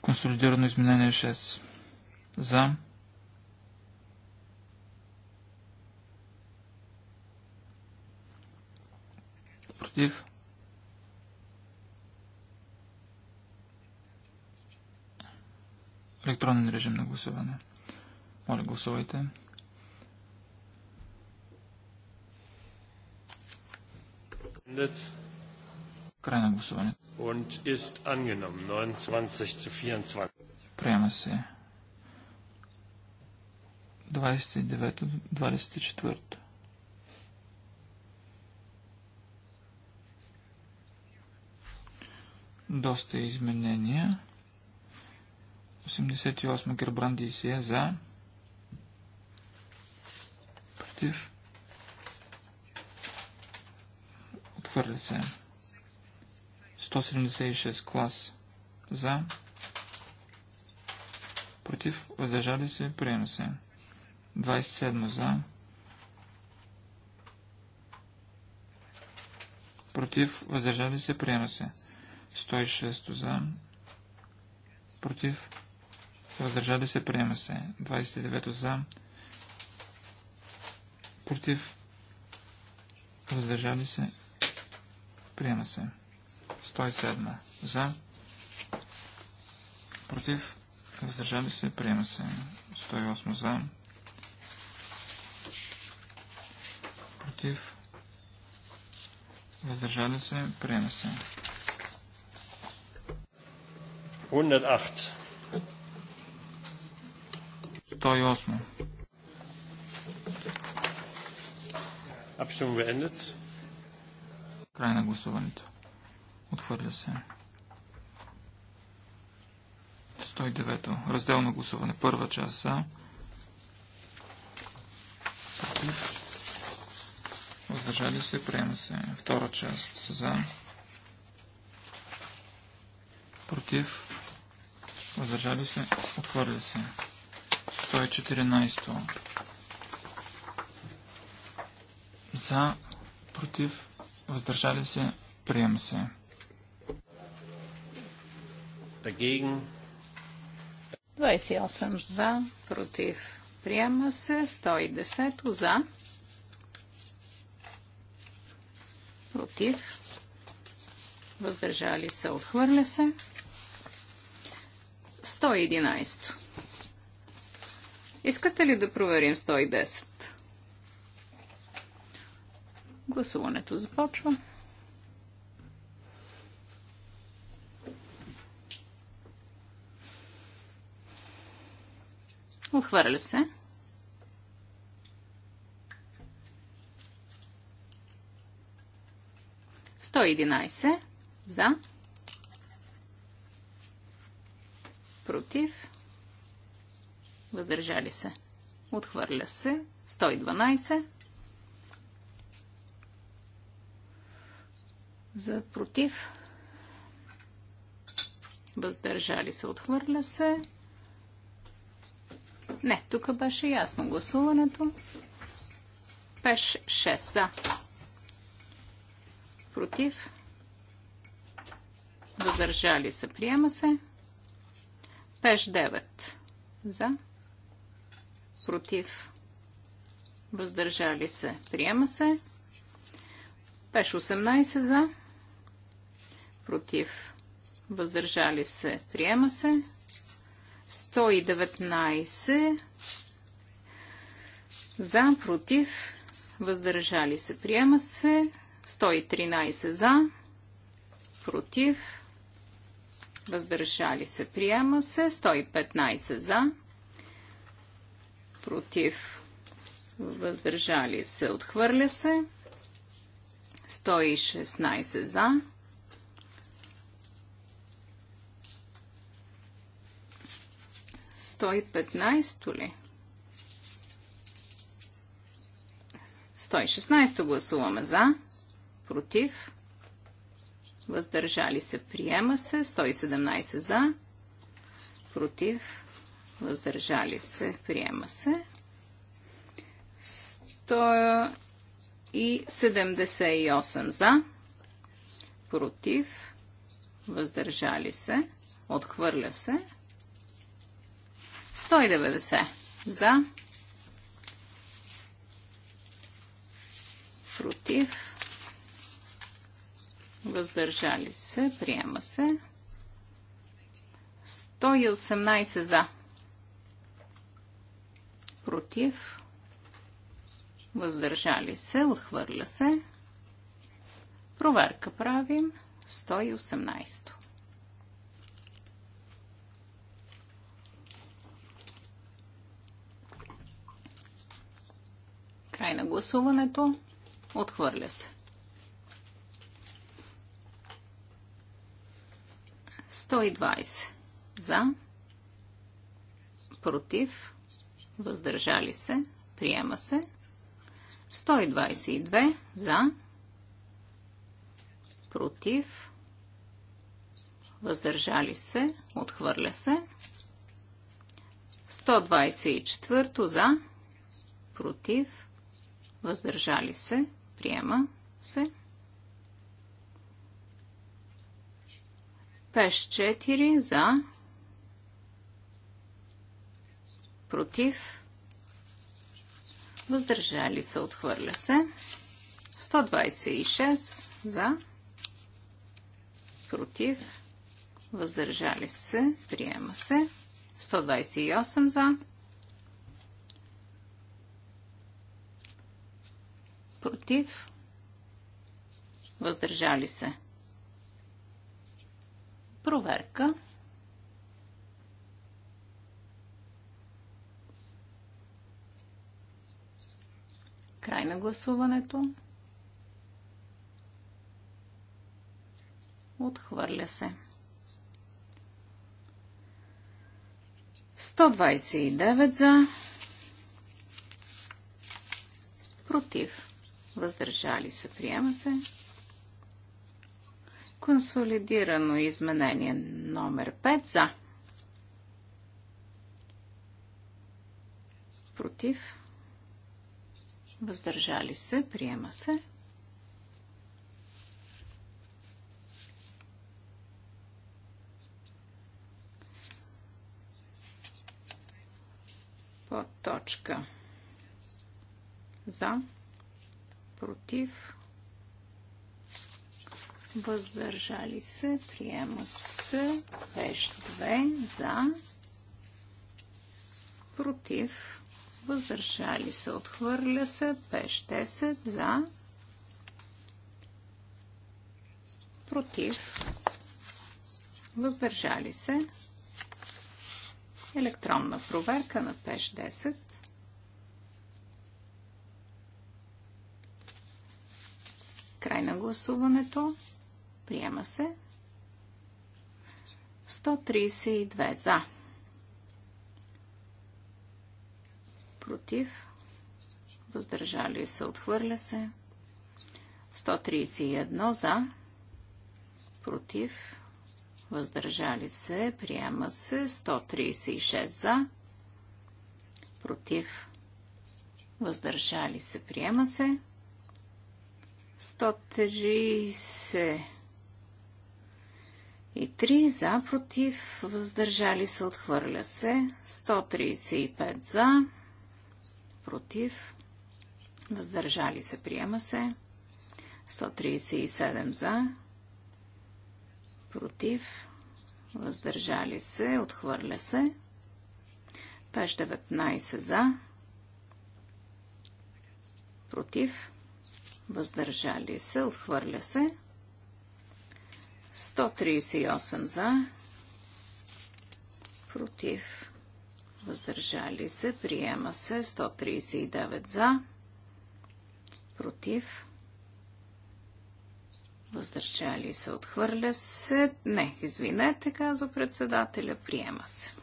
Консолидирано изменение 6. За. Против. Електронен режим на гласуване. Моля, гласувайте. Край на гласуването und ist angenommen. 29 zu 24. Приема се. 29-24. Доста изменения. 88 Гербранди си е за. Против. Отвърли се. 176 клас за, против, въздържали се, приема се. 27 за, против, въздържали се, приема се. 106 за, против, въздържали се, приема се. 29 за, против, въздържали се, приема се. 107. За. Против. Въздържали се. Приема се. 108. За. Против. Въздържали се. Приема се. 108. 108. Abstimmung beendet. Край на гласуването. Отхвърля се. 109. Разделно гласуване. Първа част за. Против. Въздържали се. Приема се. Втора част за. Против. Въздържали се. Отхвърля се. 114. За. Против. Въздържали се. Приема се. Dagegen. 28 за, против. Приема се 110 за. Против. Въздържали се, отхвърля се. 111. Искате ли да проверим 110? Гласуването започва. Отхвърля се. Сто единайсе. За. Против. Въздържали се. Отхвърля се. 112. За против. Въздържали се. Отхвърля се. Не, тук беше ясно гласуването. Пеш 6 за. Против. Въздържали се. Приема се. Пеш 9 за. Против. Въздържали се. Приема се. Пеш 18 за. Против. Въздържали се. Приема се. 119 за, против, въздържали се, приема се. 113 за, против, въздържали се, приема се. 115 за, против, въздържали се, отхвърля се. 116 за, 115 ли? 116 гласуваме за, против, въздържали се, приема се, 117 за, против, въздържали се, приема се. 178 за, против, въздържали се, отхвърля се. 190 за, против, въздържали се, приема се. 118 за, против, въздържали се, отхвърля се. Проверка правим. 118. Край на гласуването. Отхвърля се. 120 за, против, въздържали се, приема се. 122 за, против, въздържали се, отхвърля се. 124 за, против, въздържали се, приема се. Пеш 4 за, против, въздържали се, отхвърля се. 126 за, против, въздържали се, приема се. 128 за, против, въздържали се. Проверка. Край на гласуването. Отхвърля се. 129 за. Против въздържали се, приема се. Консолидирано изменение номер 5 за. Против. Въздържали се, приема се. По точка за против, въздържали се, приема се, пеш 2 за, против, въздържали се, отхвърля се, пеш 10 за, против, въздържали се, електронна проверка на пеш 10. Край на гласуването. Приема се. 132 за. Против. Въздържали се. Отхвърля се. 131 за. Против. Въздържали се. Приема се. 136 за. Против. Въздържали се. Приема се. 130 и 3 за, против, въздържали се, отхвърля се. 135 за, против, въздържали се, приема се. 137 за, против, въздържали се, отхвърля се. 519 за, против, въздържали се, отхвърля се. 138 за, против, въздържали се, приема се. 139 за, против, въздържали се, отхвърля се. Не, извинете, казва председателя, приема се.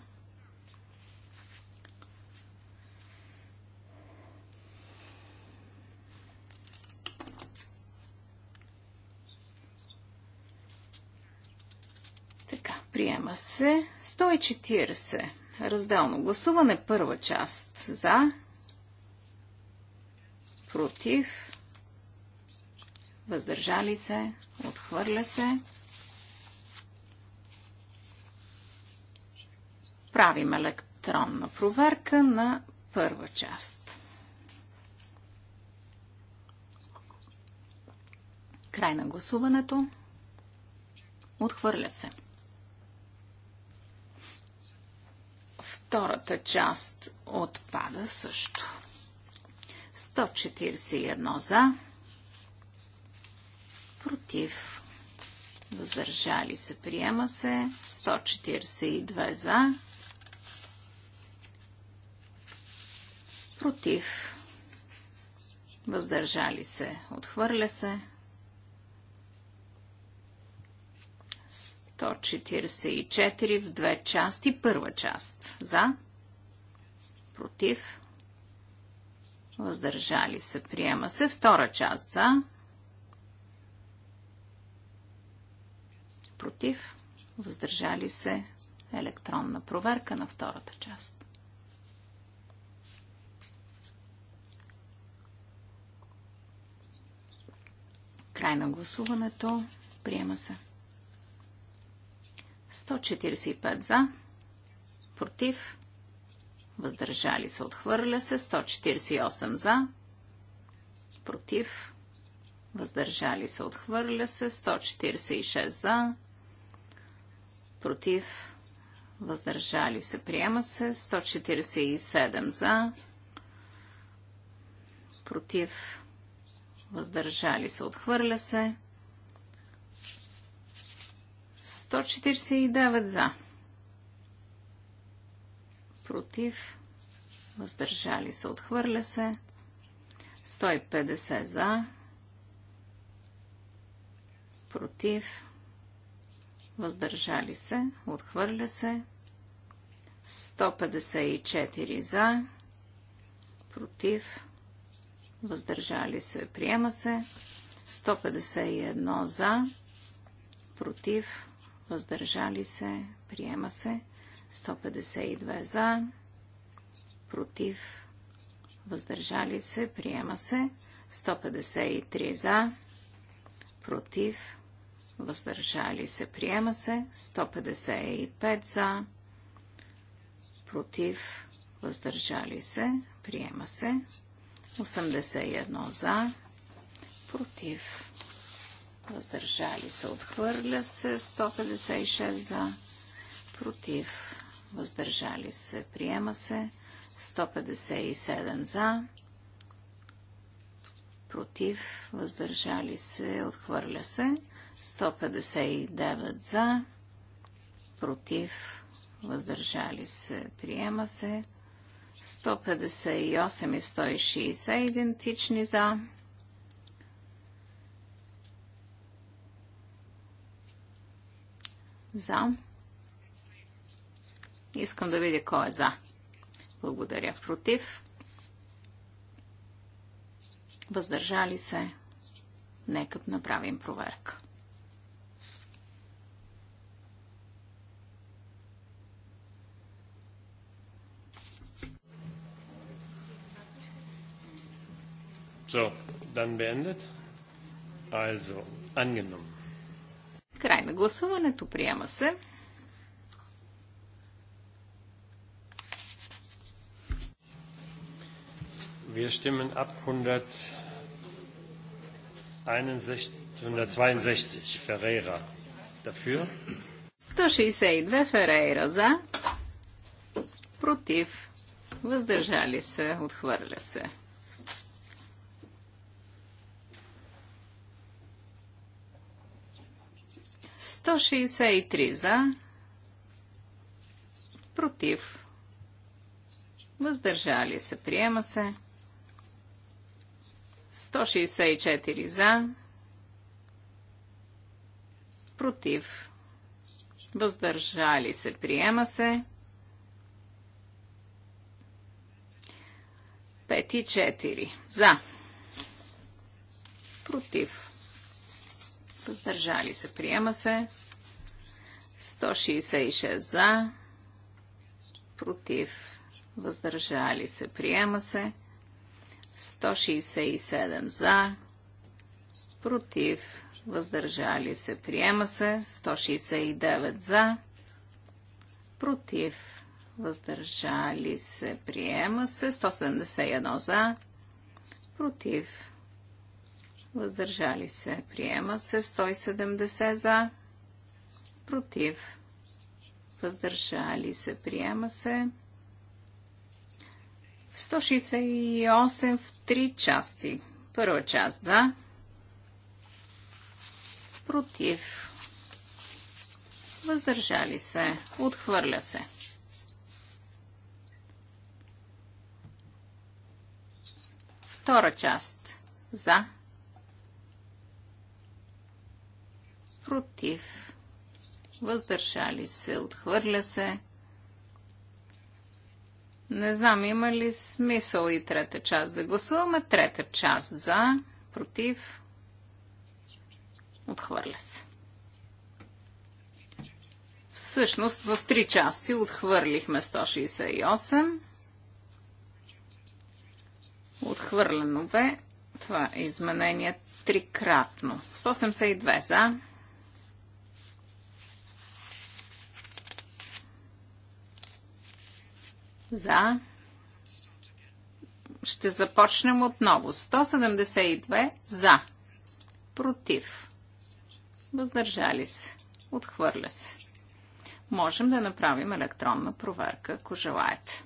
Приема се 140. Разделно гласуване. Първа част. За. Против. Въздържали се. Отхвърля се. Правим електронна проверка на първа част. Край на гласуването. Отхвърля се. Втората част отпада също. 141 за, против, въздържали се, приема се, 142 за, против, въздържали се, отхвърля се, 144 в две части. Първа част за, против, въздържали се, приема се. Втора част за, против, въздържали се, електронна проверка на втората част. Край на гласуването. Приема се. 145 за, против, въздържали се, отхвърля се, 148 за, против, въздържали се, отхвърля се, 146 за, против, въздържали се, приема се, 147 за, против, въздържали се, отхвърля се, 149 за. Против. Въздържали се. Отхвърля се. 150 за. Против. Въздържали се. Отхвърля се. 154 за. Против. Въздържали се. Приема се. 151 за. Против въздържали се, приема се. 152 за, против, въздържали се, приема се. 153 за, против, въздържали се, приема се. 155 за, против, въздържали се, приема се. 81 за, против, въздържали се, отхвърля се, 156 за, против, въздържали се, приема се, 157 за, против, въздържали се, отхвърля се, 159 за, против, въздържали се, приема се, 158 и 160 идентични за, За. Искам да видя кой е за. Благодаря. Против. Въздържали се. Нека направим проверка. So, dann beendet. Also, angenommen. Край на гласуването. Приема се. Wir stimmen ab 161, 162 Ferreira. Dafür? 162 Ферейра за, против, въздържали се, отхвърля се. 163 за, против, въздържали се, приема се. 164 за, против, въздържали се, приема се. 5 и 4 за, против, Въздържали се. Приема се. 166 за. Против. Въздържали се. Приема се. 167 за. Против. Въздържали се. Приема се. 169 за. Против. Въздържали се. Приема се. 171 за. Против въздържали се. Приема се 170 за, против, въздържали се. Приема се 168 в 3 части. Първа част за, против, въздържали се, отхвърля се. Втора част за, против, въздържали се, отхвърля се. Не знам, има ли смисъл и трета част да гласуваме. Трета част за, против, отхвърля се. Всъщност в три части отхвърлихме 168. Отхвърлено бе това е изменение трикратно. 182 за За. Ще започнем отново. 172 за. Против. Въздържали се. Отхвърля се. Можем да направим електронна проверка, ако желаете.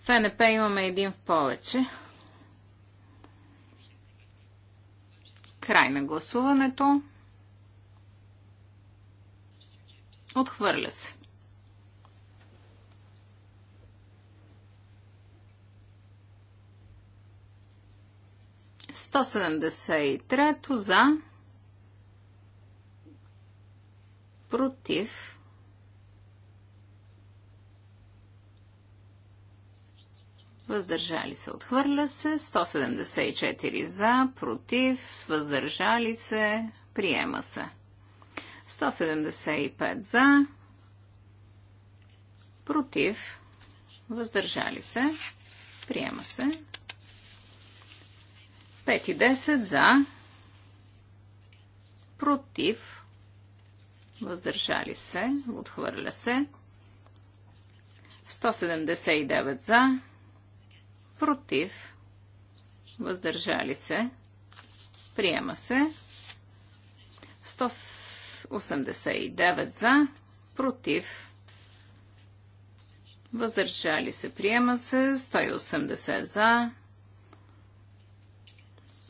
В НП имаме един в повече. Край на гласуването. Отхвърля се. Сто седемдесет и трето за против въздържали се, отхвърля се, 174 за, против, въздържали се, приема се. 175 за, против, въздържали се, приема се. 5 и 10 за, против, въздържали се, отхвърля се. 179 за, против, въздържали се, приема се. 189 за, против, въздържали се, приема се. 180 за,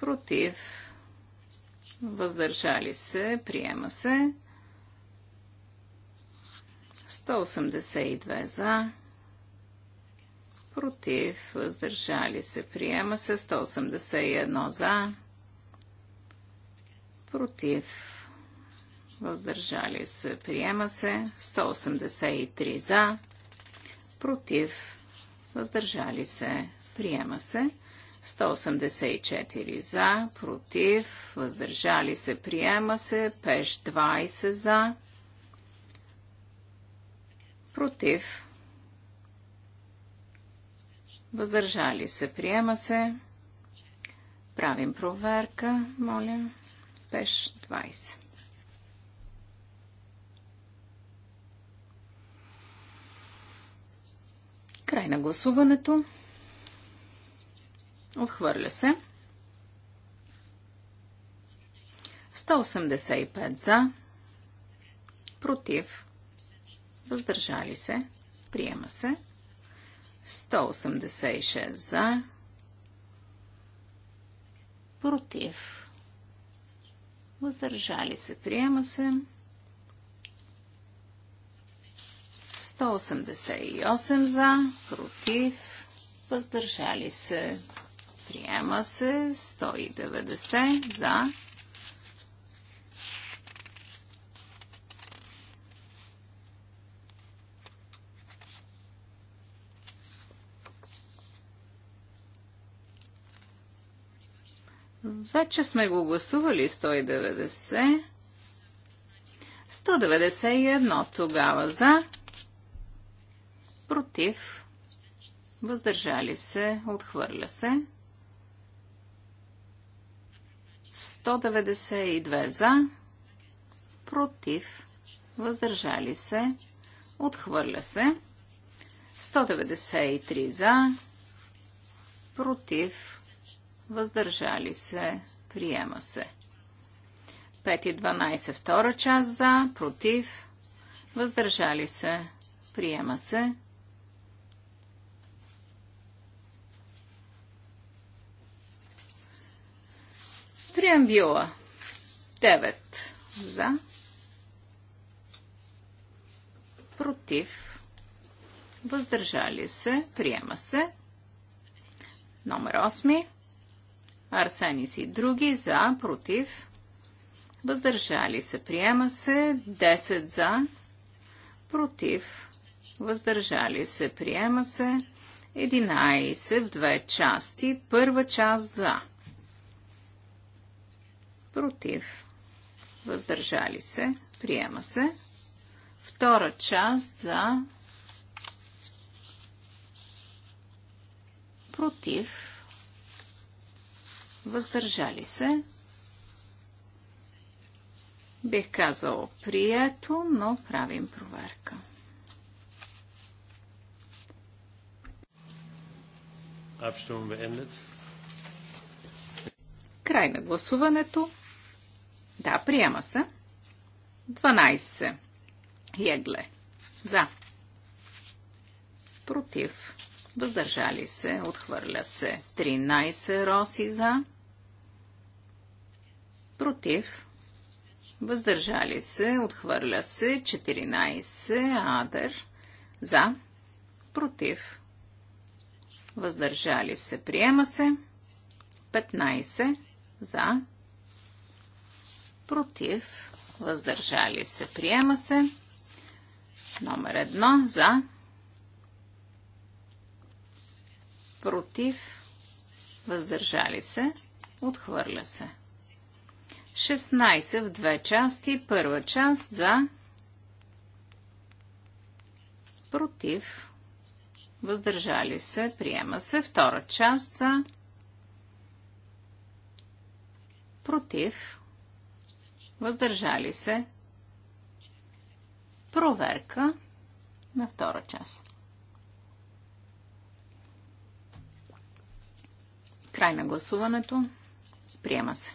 против, въздържали се, приема се. 182 за, против, против, въздържали се, приема се 181 за, против, въздържали се, приема се 183 за, против, въздържали се, приема се 184 за, против, въздържали се, приема се, пеш 20 за, против, Въздържали се. Приема се. Правим проверка. Моля. Пеш 20. Край на гласуването. Отхвърля се. 185 за. Против. Въздържали се. Приема се. 186 за, против, въздържали се, приема се. 188 за, против, въздържали се, приема се. 190 за, Вече сме го гласували 190. 191 тогава за. Против. Въздържали се. Отхвърля се. 192 за. Против. Въздържали се. Отхвърля се. 193 за. Против въздържали се, приема се. 5 и 12 втора част за, против, въздържали се, приема се. Преамбюла 9 за, против, въздържали се, приема се. Номер 8 Арсени си други за, против, въздържали се. Приема се 10 за, против, въздържали се. Приема се 11 в две части. Първа част за, против, въздържали се. Приема се. Втора част за, против, въздържали се. Бих казал прието, но правим проверка. Край на гласуването. Да, приема се. 12. Егле. За. Против. Въздържали се. Отхвърля се. 13. Роси за против, въздържали се, отхвърля се, 14, Адър, за, против, въздържали се, приема се, 15, за, против, въздържали се, приема се, номер 1, за, против, въздържали се, отхвърля се. 16 в две части. Първа част за против. Въздържали се. Приема се. Втора част за против. Въздържали се. Проверка на втора част. Край на гласуването. Приема се.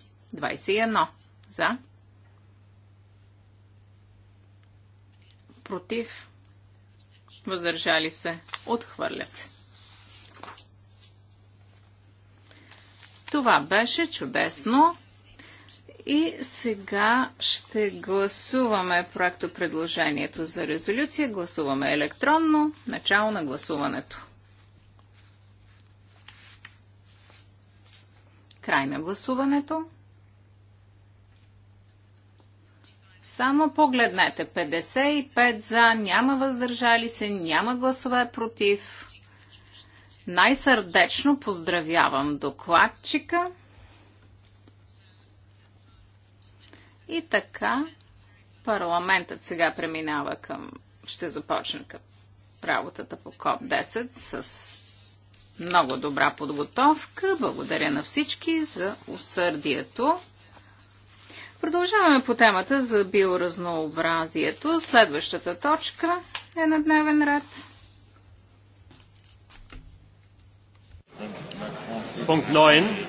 21 за. Против. Въздържали се. Отхвърля се. Това беше чудесно. И сега ще гласуваме проекто предложението за резолюция. Гласуваме електронно. Начало на гласуването. Край на гласуването. Само погледнете. 55 за, няма въздържали се, няма гласове против. Най-сърдечно поздравявам докладчика. И така, парламентът сега преминава към, ще започне към работата по КОП-10 с много добра подготовка. Благодаря на всички за усърдието. Продължаваме по темата за биоразнообразието. Следващата точка е на дневен ред. Пункт 9.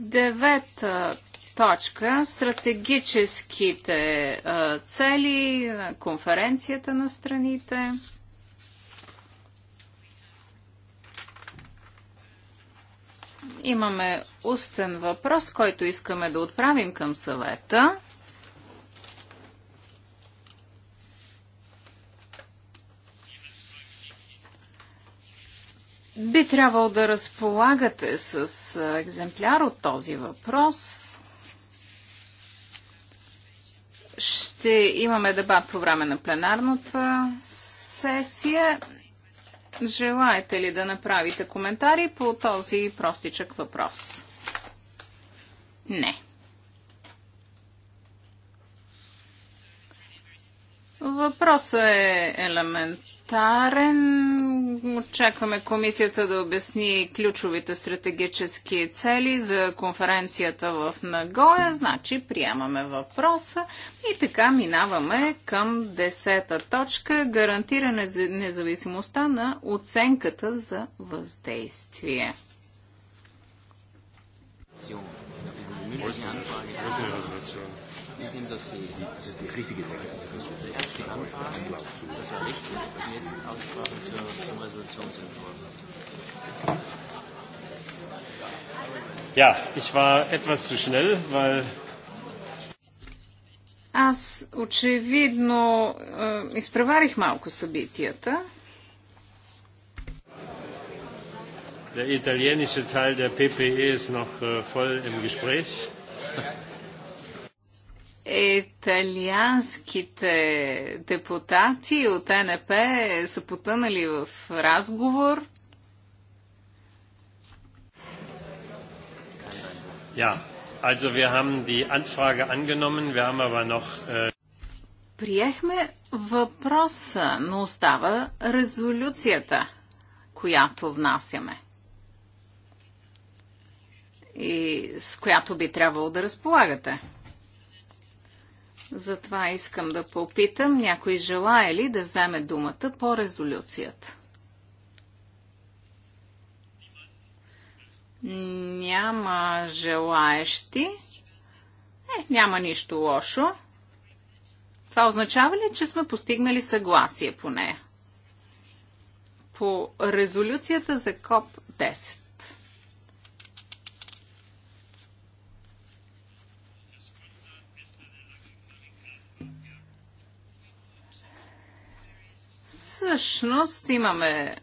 Девета точка. Стратегическите цели на конференцията на страните. Имаме устен въпрос, който искаме да отправим към съвета. Би трябвало да разполагате с екземпляр от този въпрос. Ще имаме дебат по време на пленарната сесия Желаете ли да направите коментари по този простичък въпрос? Не. Въпросът е елементарен. Очакваме комисията да обясни ключовите стратегически цели за конференцията в Нагоя. Значи приемаме въпроса и така минаваме към десета точка гарантиране независимостта на оценката за въздействие. Forse, Wir sehen, dass Sie. Das ist die richtige Deckung. Erst die Anfrage, das war richtig, und jetzt Aussprache zur, zum Resolutionsentwurf. Ja, ich war etwas zu schnell, weil. Аз очевидно е, изпреварих малко събитията. Der italienische Teil der PPE ist noch äh, voll im Gespräch италианските депутати от НП са потънали в разговор. Ja, also wir haben die Anfrage angenommen, wir haben aber noch... Äh, Приехме въпроса, но остава резолюцията, която внасяме и с която би трябвало да разполагате. Затова искам да попитам, някой желая ли да вземе думата по резолюцията? Няма желаещи. Е, няма нищо лошо. Това означава ли, че сме постигнали съгласие по нея? По резолюцията за КОП 10. Всъщност имаме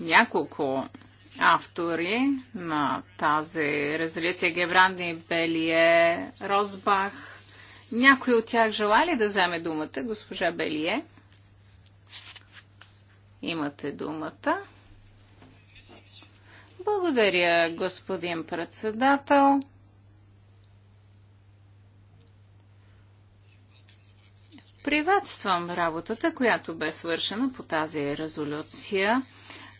няколко автори на тази резолюция Гевранди Белие, Розбах. Някой от тях желали да вземе думата, госпожа Белие? Имате думата. Благодаря, господин председател. Приветствам работата, която бе свършена по тази резолюция.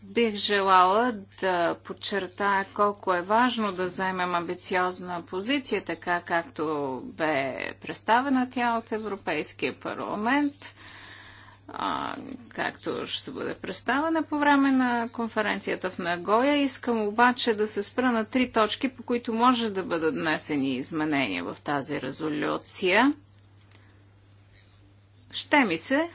Бих желала да подчертая колко е важно да вземем амбициозна позиция, така както бе представена тя от Европейския парламент, а, както ще бъде представена по време на конференцията в Нагоя. Искам обаче да се спра на три точки, по които може да бъдат внесени изменения в тази резолюция. Ще ми се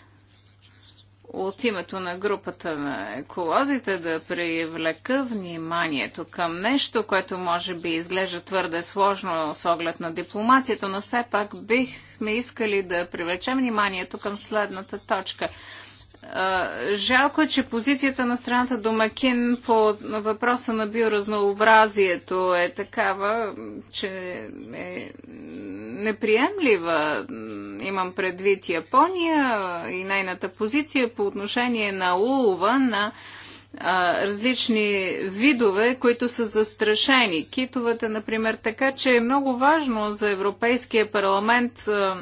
от името на групата на еколозите да привлека вниманието към нещо, което може би изглежда твърде сложно с оглед на дипломацията, но все пак бихме искали да привлечем вниманието към следната точка. Жалко е, че позицията на страната Домакин по въпроса на биоразнообразието е такава, че е неприемлива. Имам предвид Япония и нейната позиция по отношение на улова на а, различни видове, които са застрашени. Китовете, например, така че е много важно за Европейския парламент а,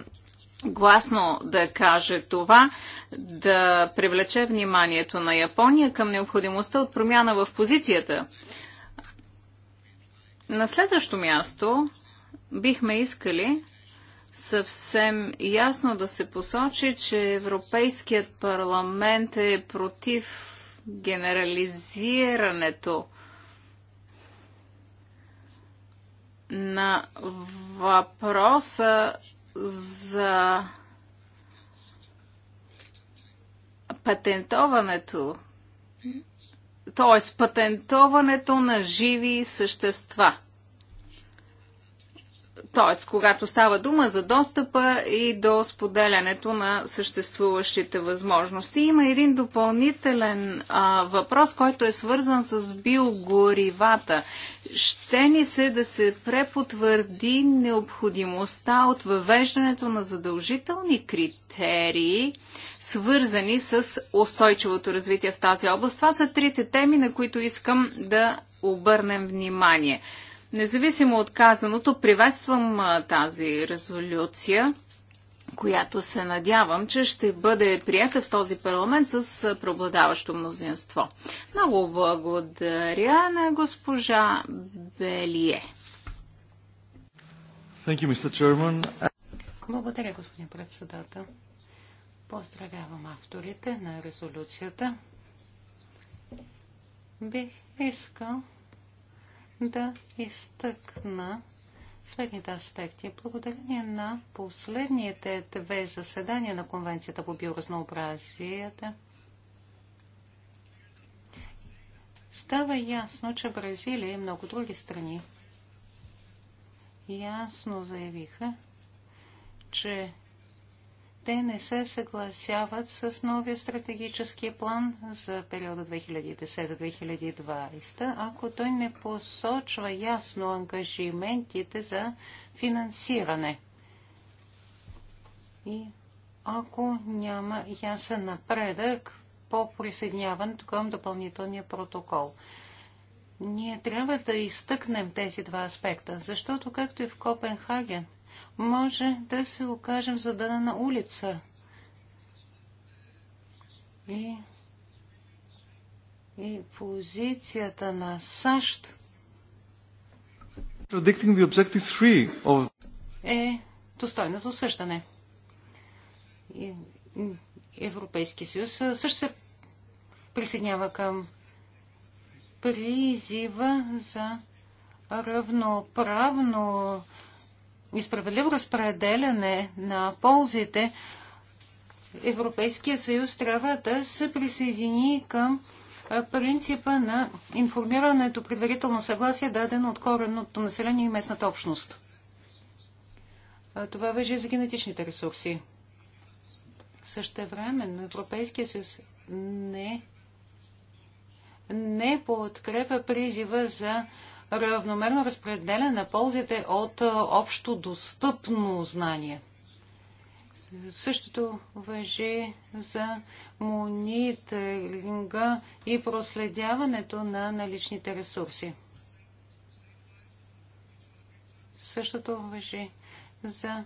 гласно да каже това, да привлече вниманието на Япония към необходимостта от промяна в позицията. На следващо място бихме искали съвсем ясно да се посочи, че Европейският парламент е против генерализирането на въпроса за патентоването, т.е. патентоването на живи същества – т.е. когато става дума за достъпа и до споделянето на съществуващите възможности. Има един допълнителен а, въпрос, който е свързан с биогоривата. Ще ни се да се препотвърди необходимостта от въвеждането на задължителни критерии, свързани с устойчивото развитие в тази област. Това са трите теми, на които искам да обърнем внимание. Независимо от казаното, приветствам тази резолюция която се надявам, че ще бъде прията в този парламент с преобладаващо мнозинство. Много благодаря на госпожа Белие. You, благодаря, господин председател. Поздравявам авторите на резолюцията. Бих искал да изтъкна следните аспекти. Благодарение на последните две заседания на Конвенцията по биоразнообразията, става ясно, че Бразилия и много други страни ясно заявиха, че те не се съгласяват с новия стратегически план за периода 2010-2020, ако той не посочва ясно ангажиментите за финансиране. И ако няма ясен напредък по присъединяването към допълнителния протокол. Ние трябва да изтъкнем тези два аспекта, защото както и в Копенхаген – може да се окажем задана на улица. И, и позицията на САЩ е достойна за осъждане. И, Европейския съюз също се присъединява към призива за равноправно и справедливо разпределяне на ползите, Европейският съюз трябва да се присъедини към принципа на информирането предварително съгласие, дадено от коренното население и местната общност. Това въжи за генетичните ресурси. Също но Европейския съюз не, не подкрепя призива за равномерно разпределяне на ползите от общо достъпно знание. Същото въжи за мониторинга и проследяването на наличните ресурси. Същото въжи за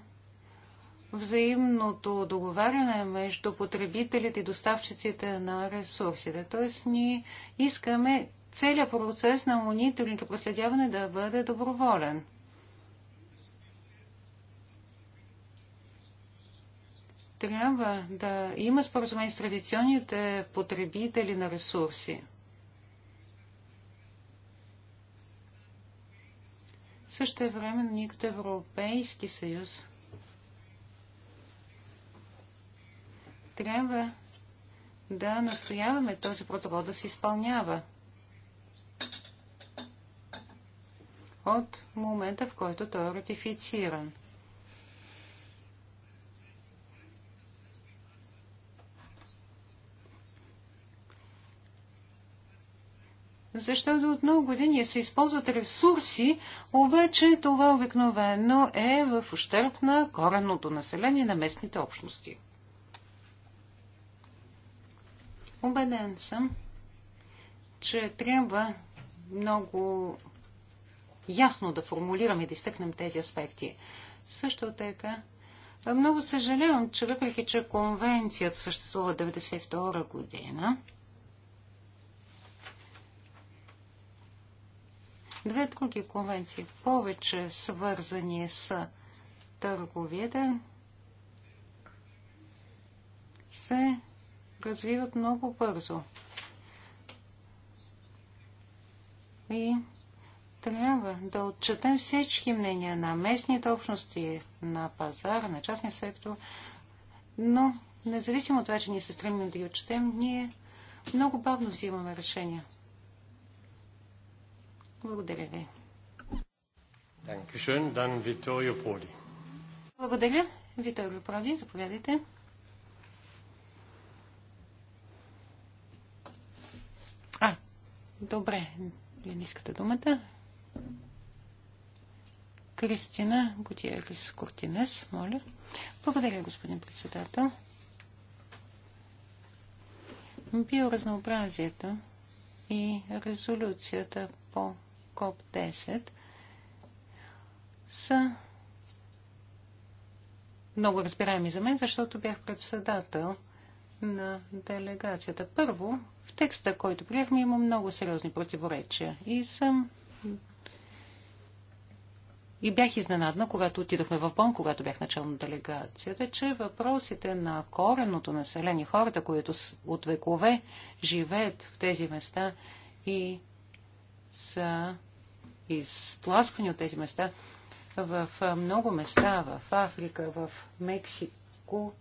взаимното договаряне между потребителите и доставчиците на ресурсите. Т.е. ние искаме целият процес на мониторинг и проследяване да бъде доброволен. Трябва да има споразумение с традиционните потребители на ресурси. Също е време нито Европейски съюз трябва да настояваме този протокол да се изпълнява. от момента, в който той е ратифициран. Защото от много години се използват ресурси, обаче това обикновено е в ущърп на коренното население на местните общности. Обеден съм, че трябва много ясно да формулираме и да изтъкнем тези аспекти. Също така, много съжалявам, че въпреки, че конвенцията съществува 1992 година, две други конвенции, повече свързани с търговията, се развиват много бързо. И трябва да отчетем всички мнения на местните общности, на пазара, на частния сектор, но независимо от това, че ние се стремим да ги отчетем, ние много бавно взимаме решения. Благодаря ви. Благодаря. Виторио Проди, заповядайте. А, добре. Вие не искате думата. Кристина Гутиерис Куртинес, моля. Благодаря, господин председател. Биоразнообразието и резолюцията по КОП-10 са много разбираеми за мен, защото бях председател на делегацията. Първо, в текста, който приехме, има много сериозни противоречия и съм и бях изненадна, когато отидохме в Бон, когато бях начал на делегацията, че въпросите на коренното население, хората, които от векове живеят в тези места и са изтласкани от тези места, в много места, в Африка, в Мексико,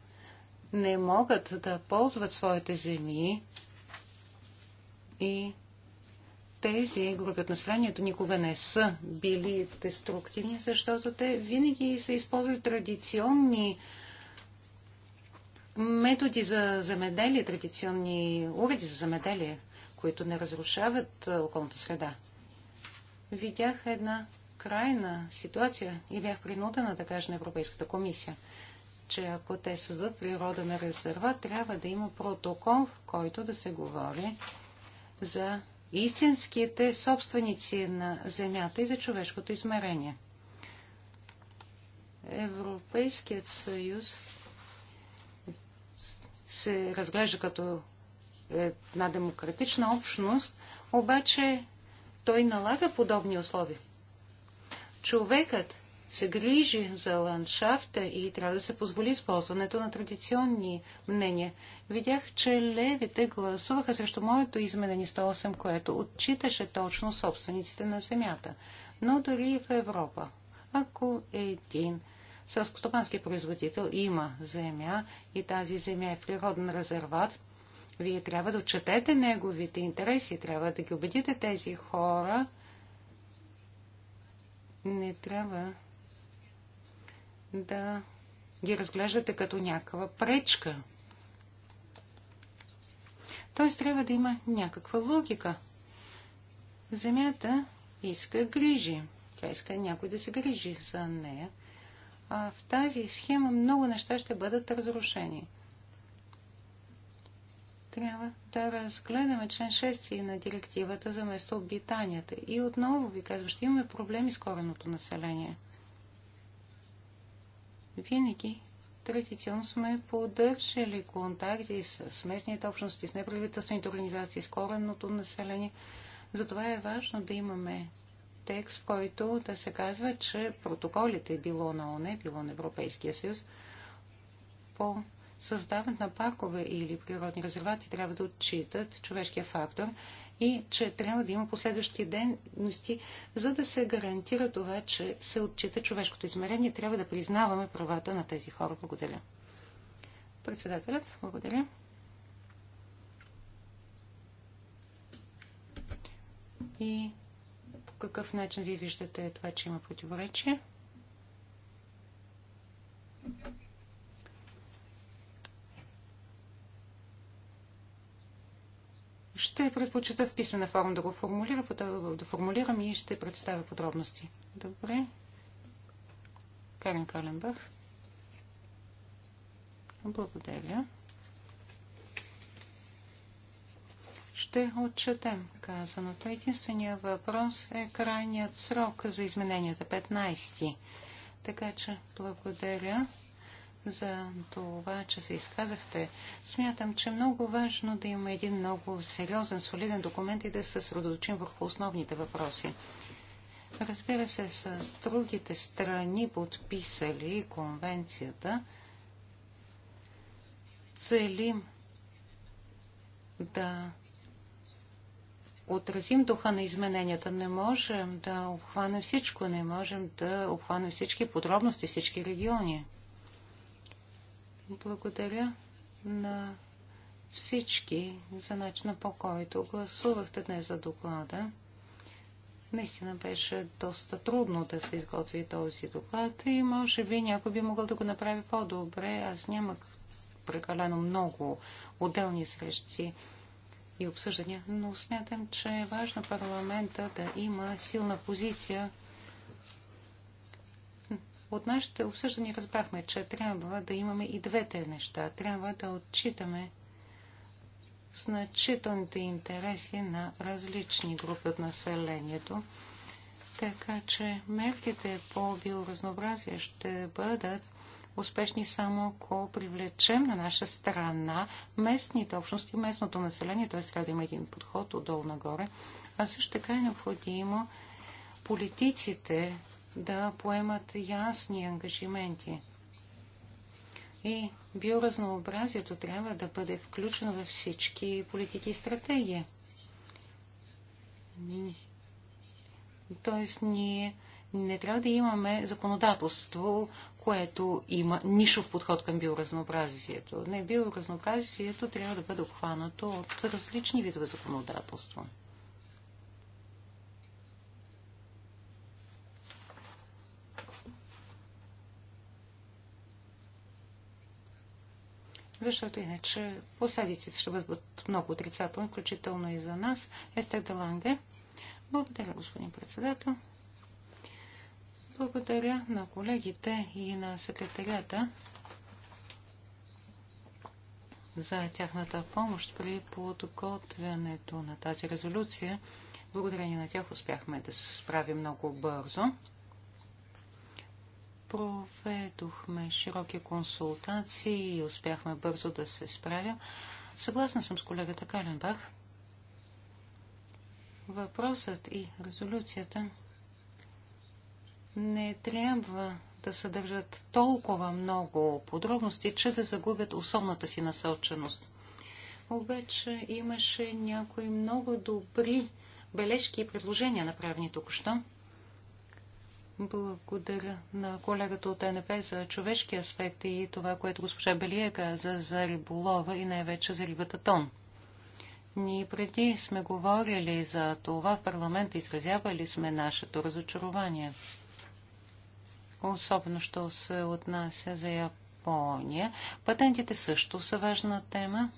не могат да ползват своите земи и тези групи от населението никога не са били деструктивни, защото те винаги са използвали традиционни методи за замеделие, традиционни уреди за замеделие, които не разрушават околната среда. Видях една крайна ситуация и бях принудена да кажа на Европейската комисия, че ако те създадат на резерва, трябва да има протокол, в който да се говори за истинските собственици на земята и за човешкото измерение. Европейският съюз се разглежда като една демократична общност, обаче той налага подобни условия. Човекът се грижи за ландшафта и трябва да се позволи използването на традиционни мнения видях, че левите гласуваха срещу моето изменение 108, което отчиташе точно собствениците на земята. Но дори и в Европа, ако един сълскостопански производител има земя и тази земя е природен резерват, вие трябва да отчетете неговите интереси, трябва да ги убедите тези хора. Не трябва да ги разглеждате като някаква пречка. Т.е. трябва да има някаква логика. Земята иска грижи. Тя иска някой да се грижи за нея. А в тази схема много неща ще бъдат разрушени. Трябва да разгледаме член 6 на директивата за местообитанията. И отново ви казвам, ще имаме проблеми с кореното население. Винаги традиционно сме поддържали контакти с местните общности, с неправителствените организации, с коренното население. Затова е важно да имаме текст, в който да се казва, че протоколите било на ОНЕ, било на Европейския съюз по създаването на паркове или природни резервати трябва да отчитат човешкия фактор и че трябва да има последващи дейности, за да се гарантира това, че се отчита човешкото измерение. Трябва да признаваме правата на тези хора. Благодаря. Председателят, благодаря. И по какъв начин вие виждате това, че има противоречие? Thank you. Ще предпочита в писмена форма да го формулира, да формулирам и ще представя подробности. Добре. Карен Каленбах. Благодаря. Ще отчетем казаното. Единственият въпрос е крайният срок за измененията 15. Така че благодаря за това, че се изказахте. Смятам, че е много важно да има един много сериозен, солиден документ и да се съсредоточим върху основните въпроси. Разбира се, с другите страни, подписали конвенцията, целим да отразим духа на измененията. Не можем да обхванем всичко, не можем да обхванем всички подробности, всички региони. Благодаря на всички за начина по който гласувахте днес за доклада. Наистина беше доста трудно да се изготви този доклад и може би някой би могъл да го направи по-добре. Аз нямах прекалено много отделни срещи и обсъждания, но смятам, че е важно парламента да има силна позиция от нашите обсъждания разбрахме, че трябва да имаме и двете неща. Трябва да отчитаме значителните интереси на различни групи от населението. Така че мерките по биоразнообразие ще бъдат успешни само ако привлечем на наша страна местните общности, местното население, т.е. трябва да има един подход отдолу нагоре, а също така е необходимо политиците да поемат ясни ангажименти. И биоразнообразието трябва да бъде включено във всички политики и стратегии. Тоест, ние не трябва да имаме законодателство, което има нишов подход към биоразнообразието. Не, биоразнообразието трябва да бъде обхванато от различни видове законодателство. защото иначе последиците ще бъдат много отрицателни, включително и за нас. Естер Деланге. Благодаря, господин председател. Благодаря на колегите и на секретарията за тяхната помощ при подготвянето на тази резолюция. Благодарение на тях успяхме да се справим много бързо. Проведохме широки консултации и успяхме бързо да се справим. Съгласна съм с колегата Каленбах. Въпросът и резолюцията не трябва да съдържат толкова много подробности, че да загубят особната си насоченост. Обаче имаше някои много добри бележки и предложения, направени току-що. Благодаря на колегата от НП за човешки аспект и това, което госпожа Белия каза за риболова и най-вече за рибата тон. Ние преди сме говорили за това в парламента, изразявали сме нашето разочарование. Особено, що се отнася за Япония. Патентите също са важна тема.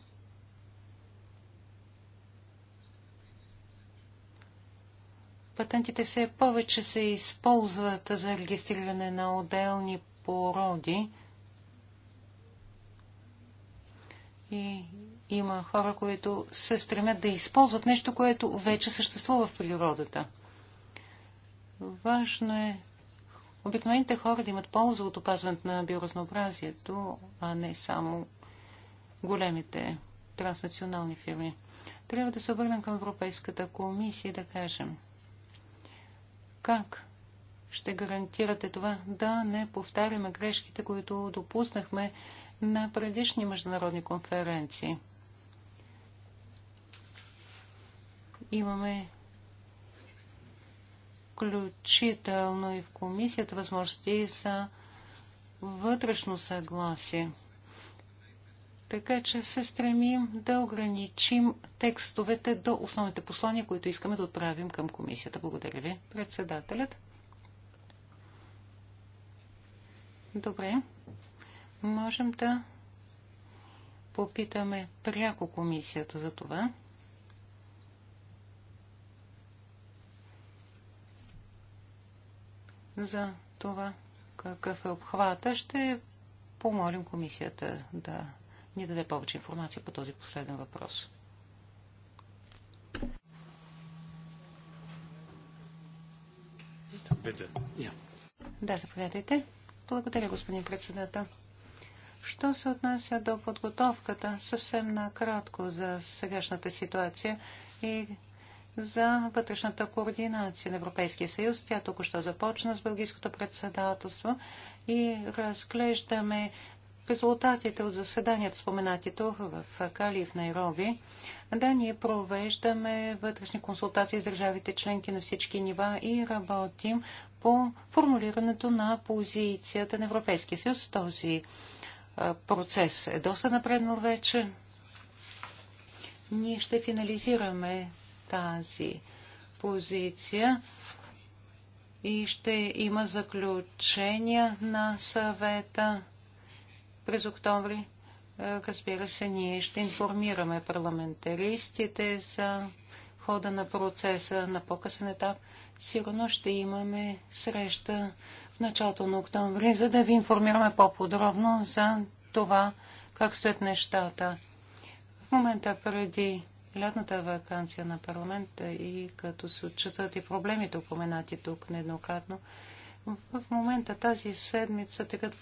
патентите все повече се използват за регистриране на отделни породи. И има хора, които се стремят да използват нещо, което вече съществува в природата. Важно е обикновените хора да имат полза от опазването на биоразнообразието, а не само големите транснационални фирми. Трябва да се обърнем към Европейската комисия и да кажем – как ще гарантирате това да не повтаряме грешките, които допуснахме на предишни международни конференции? Имаме включително и в комисията възможности за вътрешно съгласие. Така че се стремим да ограничим текстовете до основните послания, които искаме да отправим към комисията. Благодаря ви, председателят. Добре. Можем да попитаме пряко комисията за това. За това какъв е обхвата, ще помолим комисията да ни даде повече информация по този последен въпрос. Да, заповядайте. Благодаря, господин председател. Що се отнася до подготовката, съвсем накратко за сегашната ситуация и за вътрешната координация на Европейския съюз. Тя току-що започна с Бългийското председателство и разглеждаме резултатите от заседанията, споменати тук в Кали в Найроби, да, ние провеждаме вътрешни консултации с държавите членки на всички нива и работим по формулирането на позицията на Европейския съюз. Този процес е доста напреднал вече. Ние ще финализираме тази позиция и ще има заключения на съвета през октомври. Е, разбира се, ние ще информираме парламентаристите за хода на процеса на по-късен етап. Сигурно ще имаме среща в началото на октомври, за да ви информираме по-подробно за това, как стоят нещата. В момента преди лятната вакансия на парламента и като се отчитат и проблемите, упоменати тук нееднократно, в момента тази седмица текат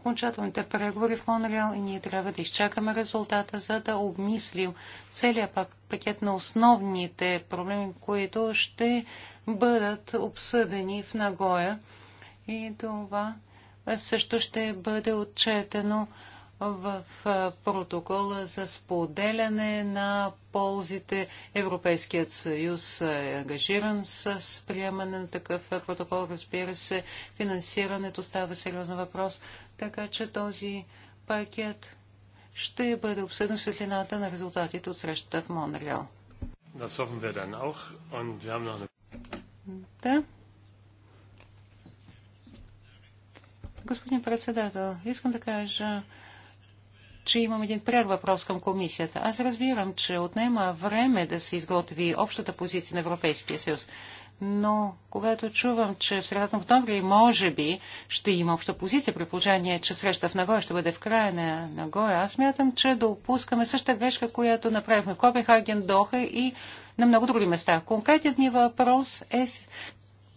окончателните преговори в Монреал и ние трябва да изчакаме резултата, за да обмислим целият пак, пакет на основните проблеми, които ще бъдат обсъдени в Нагоя. И това също ще бъде отчетено в протокола за споделяне на ползите. Европейският съюз е ангажиран с приемане на такъв протокол. Разбира се, финансирането става сериозен въпрос, така че този пакет ще бъде обсъден светлината на резултатите от срещата в Монреал. Да. Господин председател, искам да кажа че имам един пряк въпрос към комисията. Аз разбирам, че отнема време да се изготви общата позиция на Европейския съюз. Но когато чувам, че в средата на октомври може би ще има обща позиция, при положение, че среща в Нагоя ще бъде в края на Нагоя, аз мятам, че да опускаме същата грешка, която направихме в Копенхаген, Доха и на много други места. Конкретният ми въпрос е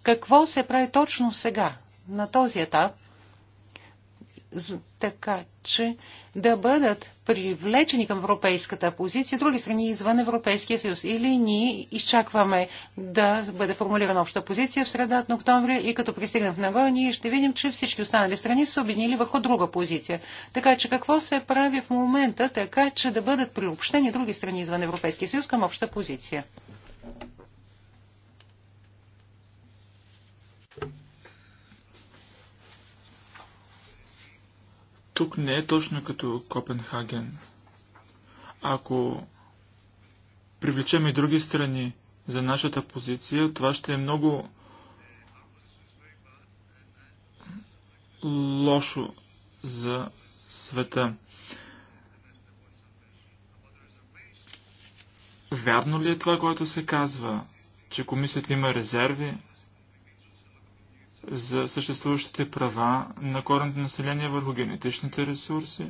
какво се прави точно сега, на този етап, така че да бъдат привлечени към европейската позиция други страни извън Европейския съюз. Или ние изчакваме да бъде формулирана обща позиция в средата на октомври и като пристигнем в Нагоя, ние ще видим, че всички останали страни са обединили върху друга позиция. Така че какво се прави в момента, така че да бъдат приобщени други страни извън Европейския съюз към обща позиция? Тук не е точно като Копенхаген. Ако привлечем и други страни за нашата позиция, това ще е много лошо за света. Вярно ли е това, което се казва, че комисията има резерви? за съществуващите права на коренното население върху генетичните ресурси.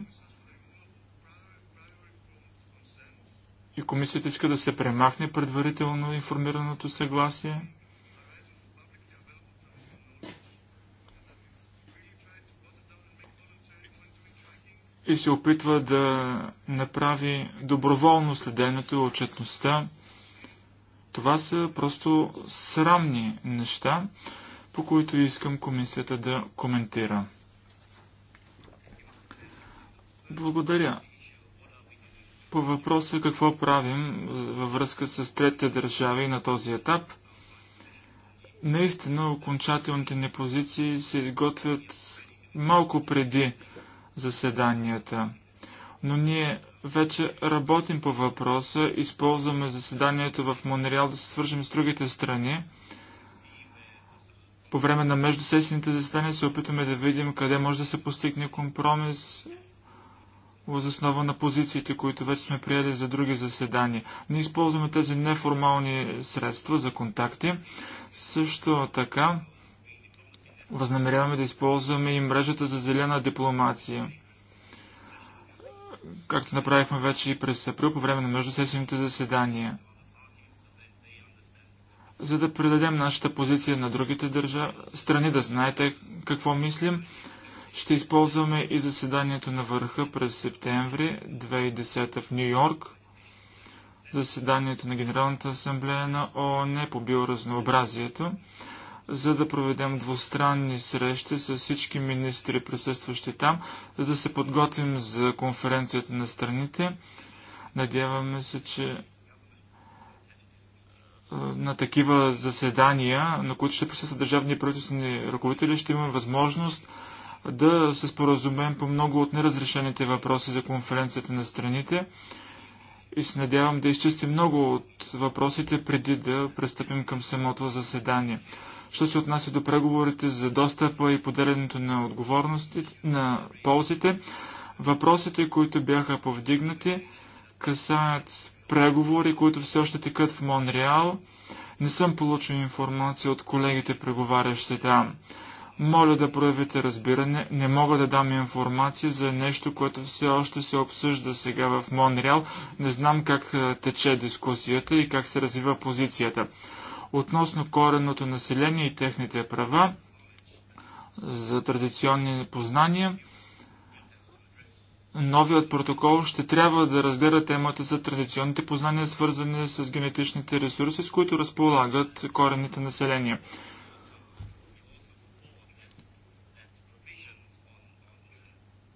И комисията иска да се премахне предварително информираното съгласие. И се опитва да направи доброволно следенето и отчетността. Това са просто срамни неща по които искам комисията да коментира. Благодаря. По въпроса какво правим е, във връзка с третите държави на този етап, наистина окончателните ни позиции се изготвят малко преди заседанията. Но ние вече работим по въпроса, използваме заседанието в Монреал да се свържем с другите страни – по време на междусесените заседания се опитаме да видим къде може да се постигне компромис въз основа на позициите, които вече сме приели за други заседания. Ние използваме тези неформални средства за контакти. Също така възнамеряваме да използваме и мрежата за зелена дипломация. Както направихме вече и през април по време на междусесените заседания за да предадем нашата позиция на другите държа... страни, да знаете какво мислим. Ще използваме и заседанието на върха през септември 2010 в Нью Йорк, заседанието на Генералната асамблея на ООН е по биоразнообразието, за да проведем двустранни срещи с всички министри, присъстващи там, за да се подготвим за конференцията на страните. Надяваме се, че на такива заседания, на които ще присъстват държавни и правителствени ръководители, ще имаме възможност да се споразумеем по много от неразрешените въпроси за конференцията на страните и се надявам да изчистим много от въпросите преди да пристъпим към самото заседание. Що се отнася до преговорите за достъпа и поделянето на отговорностите, на ползите, въпросите, които бяха повдигнати, касаят преговори, които все още текат в Монреал. Не съм получил информация от колегите, преговарящи там. Моля да проявите разбиране. Не мога да дам информация за нещо, което все още се обсъжда сега в Монреал. Не знам как тече дискусията и как се развива позицията. Относно коренното население и техните права за традиционни познания – Новият протокол ще трябва да разгледа темата за традиционните познания, свързани с генетичните ресурси, с които разполагат корените населения.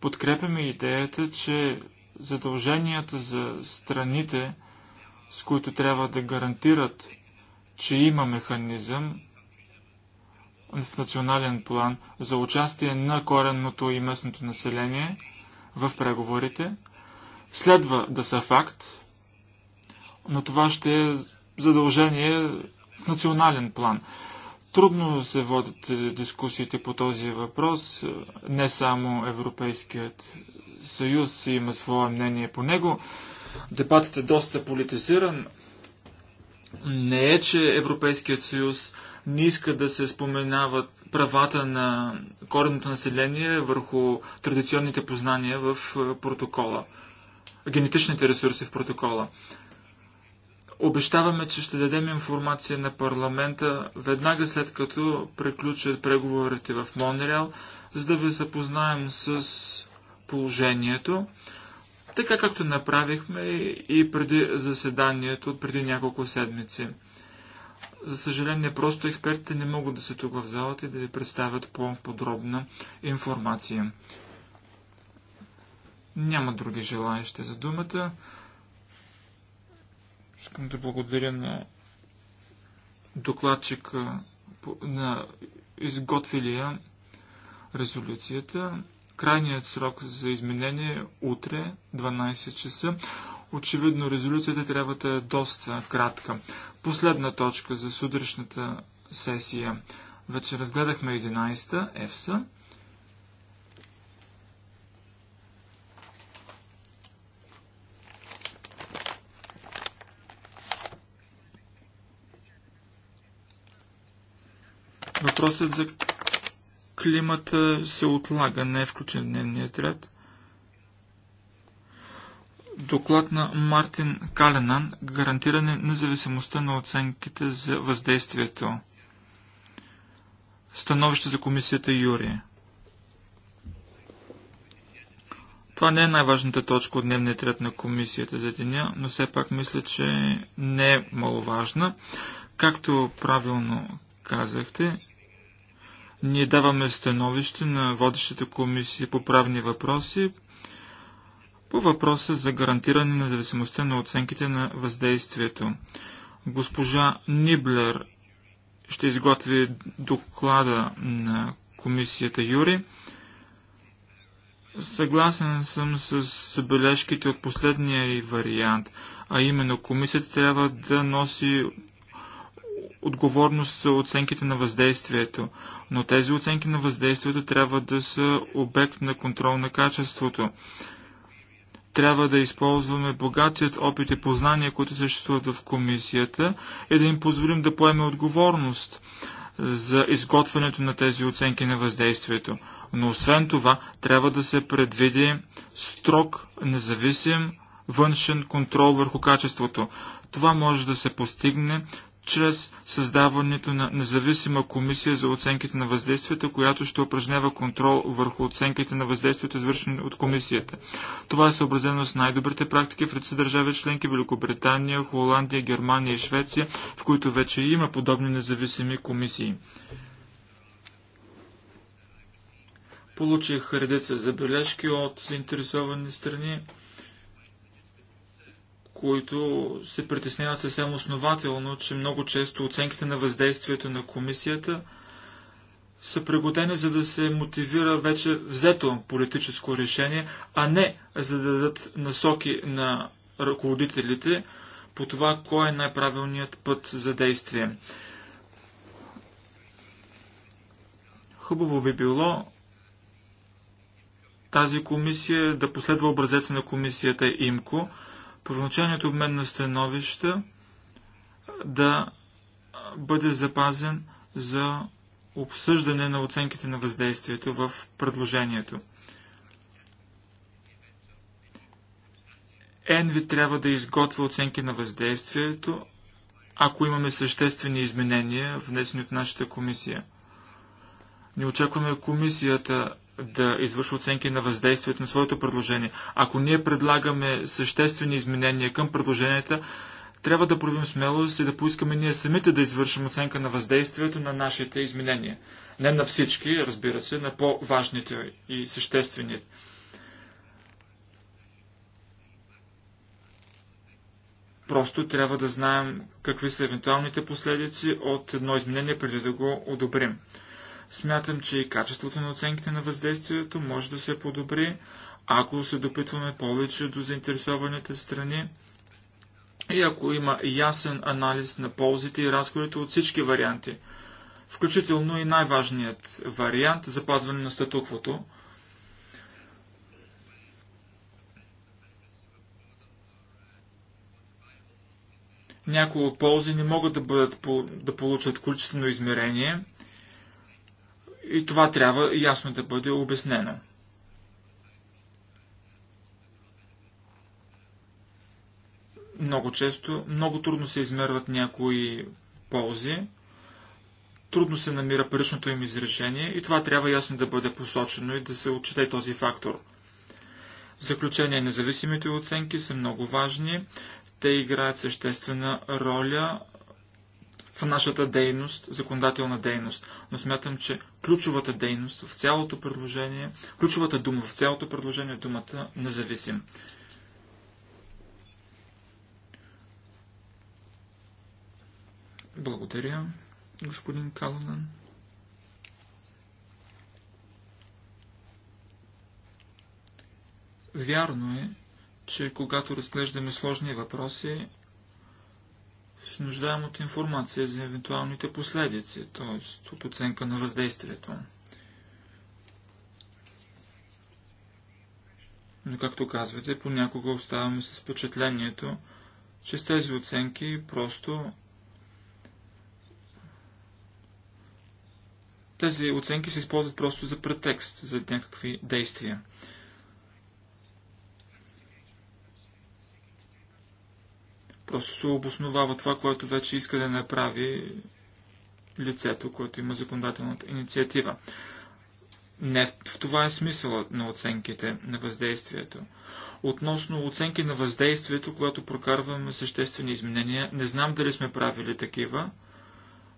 Подкрепяме идеята, че задълженията за страните, с които трябва да гарантират, че има механизъм в национален план за участие на коренното и местното население – в преговорите, следва да са факт, но това ще е задължение в национален план. Трудно се водят е, дискусиите по този въпрос. Не само Европейският съюз има свое мнение по него. Дебатът е доста политизиран. Не е, че Европейският съюз не иска да се споменават правата на коренното население върху традиционните познания в е, протокола, генетичните ресурси в протокола. Обещаваме, че ще дадем информация на парламента веднага след като приключат преговорите в Монреал, за да ви запознаем с положението, така както направихме и преди заседанието, преди няколко седмици. За съжаление, просто експертите не могат да са тук в залата и да ви представят по-подробна информация. Няма други желаящи за думата. Искам да благодаря на докладчика на изготвилия резолюцията. Крайният срок за изменение е утре, 12 часа. Очевидно, резолюцията трябва да е доста кратка. Последна точка за сутрешната сесия. Вече разгледахме 11-та, ЕФСА. Въпросът за климата се отлага, не е включен дневният ред. Доклад на Мартин Каленан гарантиране независимостта на оценките за въздействието. Становище за комисията Юрия. Това не е най-важната точка от дневния ред на комисията за деня, но все пак мисля, че не е маловажна. Както правилно казахте, ние даваме становище на водещата комисия по правни въпроси по въпроса за гарантиране на зависимостта на оценките на въздействието, госпожа Ниблер ще изготви доклада на комисията Юри. Съгласен съм с бележките от последния и вариант, а именно комисията трябва да носи отговорност за оценките на въздействието, но тези оценки на въздействието трябва да са обект на контрол на качеството трябва да използваме богатият опит и познания, които съществуват в комисията и да им позволим да поеме отговорност за изготвянето на тези оценки на въздействието. Но освен това, трябва да се предвиди строг, независим външен контрол върху качеството. Това може да се постигне чрез създаването на независима комисия за оценките на въздействията, която ще упражнява контрол върху оценките на въздействието, извършени от комисията. Това е съобразено с най-добрите практики в редица държави членки Великобритания, Холандия, Германия и Швеция, в които вече има подобни независими комисии. Получих редица забележки от заинтересовани страни които се притесняват съвсем основателно, че много често оценките на въздействието на комисията са пригодени за да се мотивира вече взето политическо решение, а не за да дадат насоки на ръководителите по това, кой е най-правилният път за действие. Хубаво би било тази комисия да последва образеца на комисията ИМКО, първоначалният обмен на становища да бъде запазен за обсъждане на оценките на въздействието в предложението. ЕНВИ трябва да изготвя оценки на въздействието, ако имаме съществени изменения, внесени от нашата комисия. Не очакваме комисията да извършва оценки на въздействието на своето предложение. Ако ние предлагаме съществени изменения към предложенията, трябва да проявим смелост и да поискаме ние самите да извършим оценка на въздействието на нашите изменения. Не на всички, разбира се, на по-важните и съществени. Просто трябва да знаем какви са евентуалните последици от едно изменение преди да го одобрим. Смятам, че и качеството на оценките на въздействието може да се подобри, ако се допитваме повече до заинтересованите страни и ако има ясен анализ на ползите и разходите от всички варианти, включително и най-важният вариант – запазване на статуквото. Някои от ползи не могат да, бъдат, да получат количествено измерение – и това трябва ясно да бъде обяснено. Много често, много трудно се измерват някои ползи, трудно се намира паричното им изрешение и това трябва ясно да бъде посочено и да се отчете този фактор. В заключение, независимите оценки са много важни. Те играят съществена роля в нашата дейност, законодателна дейност. Но смятам, че ключовата дейност в цялото предложение, ключовата дума в цялото предложение е думата независим. Благодаря, господин Каланан. Вярно е, че когато разглеждаме сложни въпроси, се нуждаем от информация за евентуалните последици, т.е. от оценка на въздействието. Но, както казвате, понякога оставаме с впечатлението, че с тези оценки просто тези оценки се използват просто за претекст, за някакви действия. Просто се обосновава това, което вече иска да направи лицето, което има законодателната инициатива. Не в това е смисълът на оценките на въздействието. Относно оценки на въздействието, когато прокарваме съществени изменения, не знам дали сме правили такива.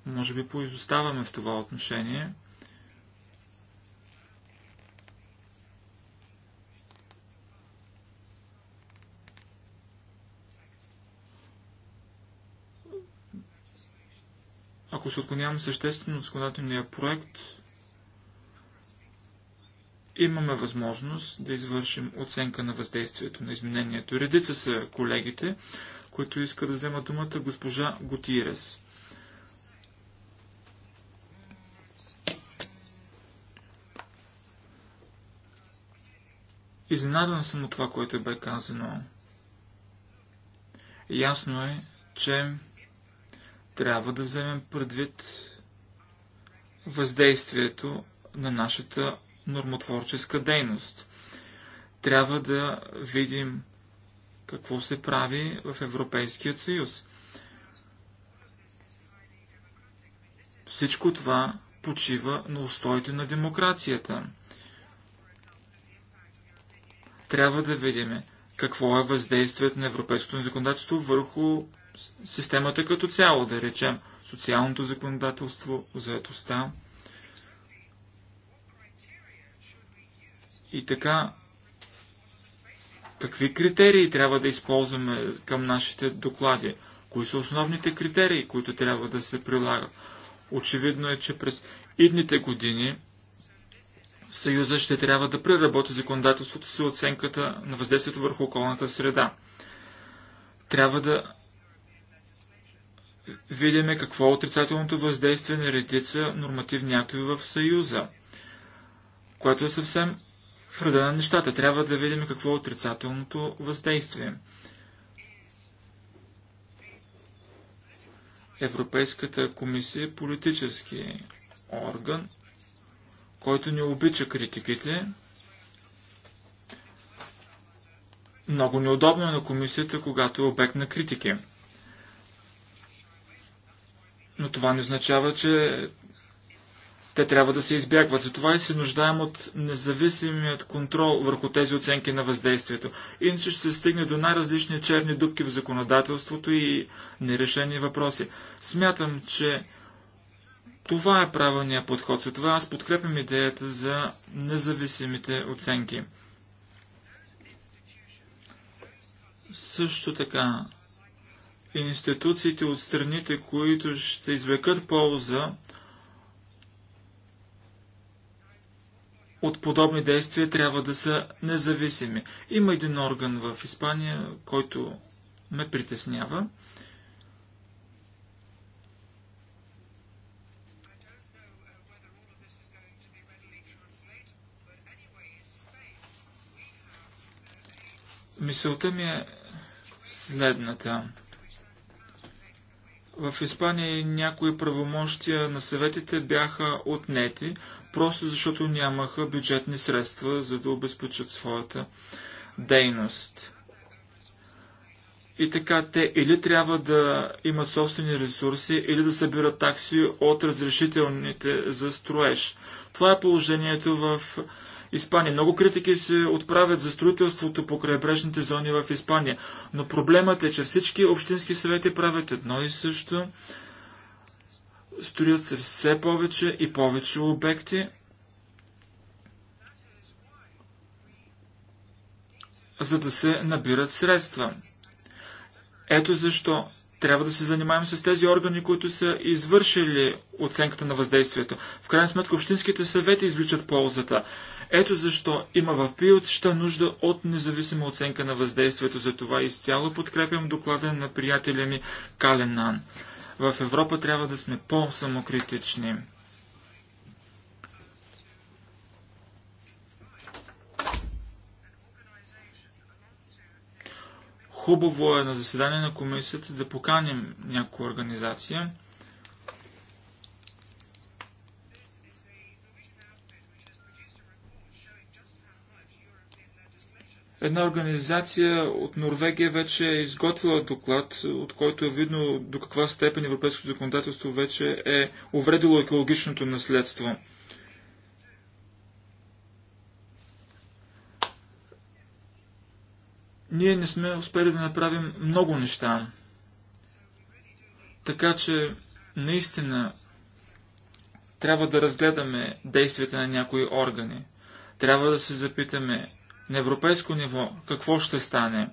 Може би поизоставаме в това отношение. Ако се отклоняваме съществено от законодателния проект, имаме възможност да извършим оценка на въздействието на изменението. Редица са колегите, които иска да взема думата госпожа Готирес. Изненадан съм от това, което бе казано. Ясно е, че трябва да вземем предвид въздействието на нашата нормотворческа дейност. Трябва да видим какво се прави в Европейския съюз. Всичко това почива на устоите на демокрацията. Трябва да видим какво е въздействието на европейското законодателство върху системата като цяло, да речем социалното законодателство, заедостта. И така, какви критерии трябва да използваме към нашите доклади? Кои са основните критерии, които трябва да се прилагат? Очевидно е, че през идните години Съюза ще трябва да преработи законодателството си оценката на въздействието върху околната среда. Трябва да Видиме какво е отрицателното въздействие на редица нормативни актове в Съюза, което е съвсем в ръда на нещата. Трябва да видим какво е отрицателното въздействие. Европейската комисия е политически орган, който не обича критиките. Много неудобно е на комисията, когато е обект на критики. Но това не означава, че те трябва да се избягват. Затова и се нуждаем от независимият контрол върху тези оценки на въздействието. Иначе ще се стигне до най-различни черни дубки в законодателството и нерешени въпроси. Смятам, че това е правилният подход. Затова аз подкрепям идеята за независимите оценки. Също така, институциите от страните, които ще извлекат полза от подобни действия, трябва да са независими. Има един орган в Испания, който ме притеснява. Мисълта ми е следната. В Испания някои правомощия на съветите бяха отнети, просто защото нямаха бюджетни средства, за да обезпечат своята дейност. И така те или трябва да имат собствени ресурси, или да събират такси от разрешителните за строеж. Това е положението в Испания. Много критики се отправят за строителството по крайбрежните зони в Испания. Но проблемът е, че всички общински съвети правят едно и също. Строят се все повече и повече обекти. за да се набират средства. Ето защо трябва да се занимаем с тези органи, които са извършили оценката на въздействието. В крайна сметка общинските съвети извличат ползата. Ето защо има в приютща нужда от независима оценка на въздействието. За това изцяло подкрепям доклада на приятеля ми Каленан. В Европа трябва да сме по-самокритични. Хубаво е на заседание на комисията да поканим някоя организация – Една организация от Норвегия вече е изготвила доклад, от който е видно до каква степен европейското законодателство вече е увредило екологичното наследство. Ние не сме успели да направим много неща. Така че, наистина, трябва да разгледаме действията на някои органи. Трябва да се запитаме на европейско ниво, какво ще стане?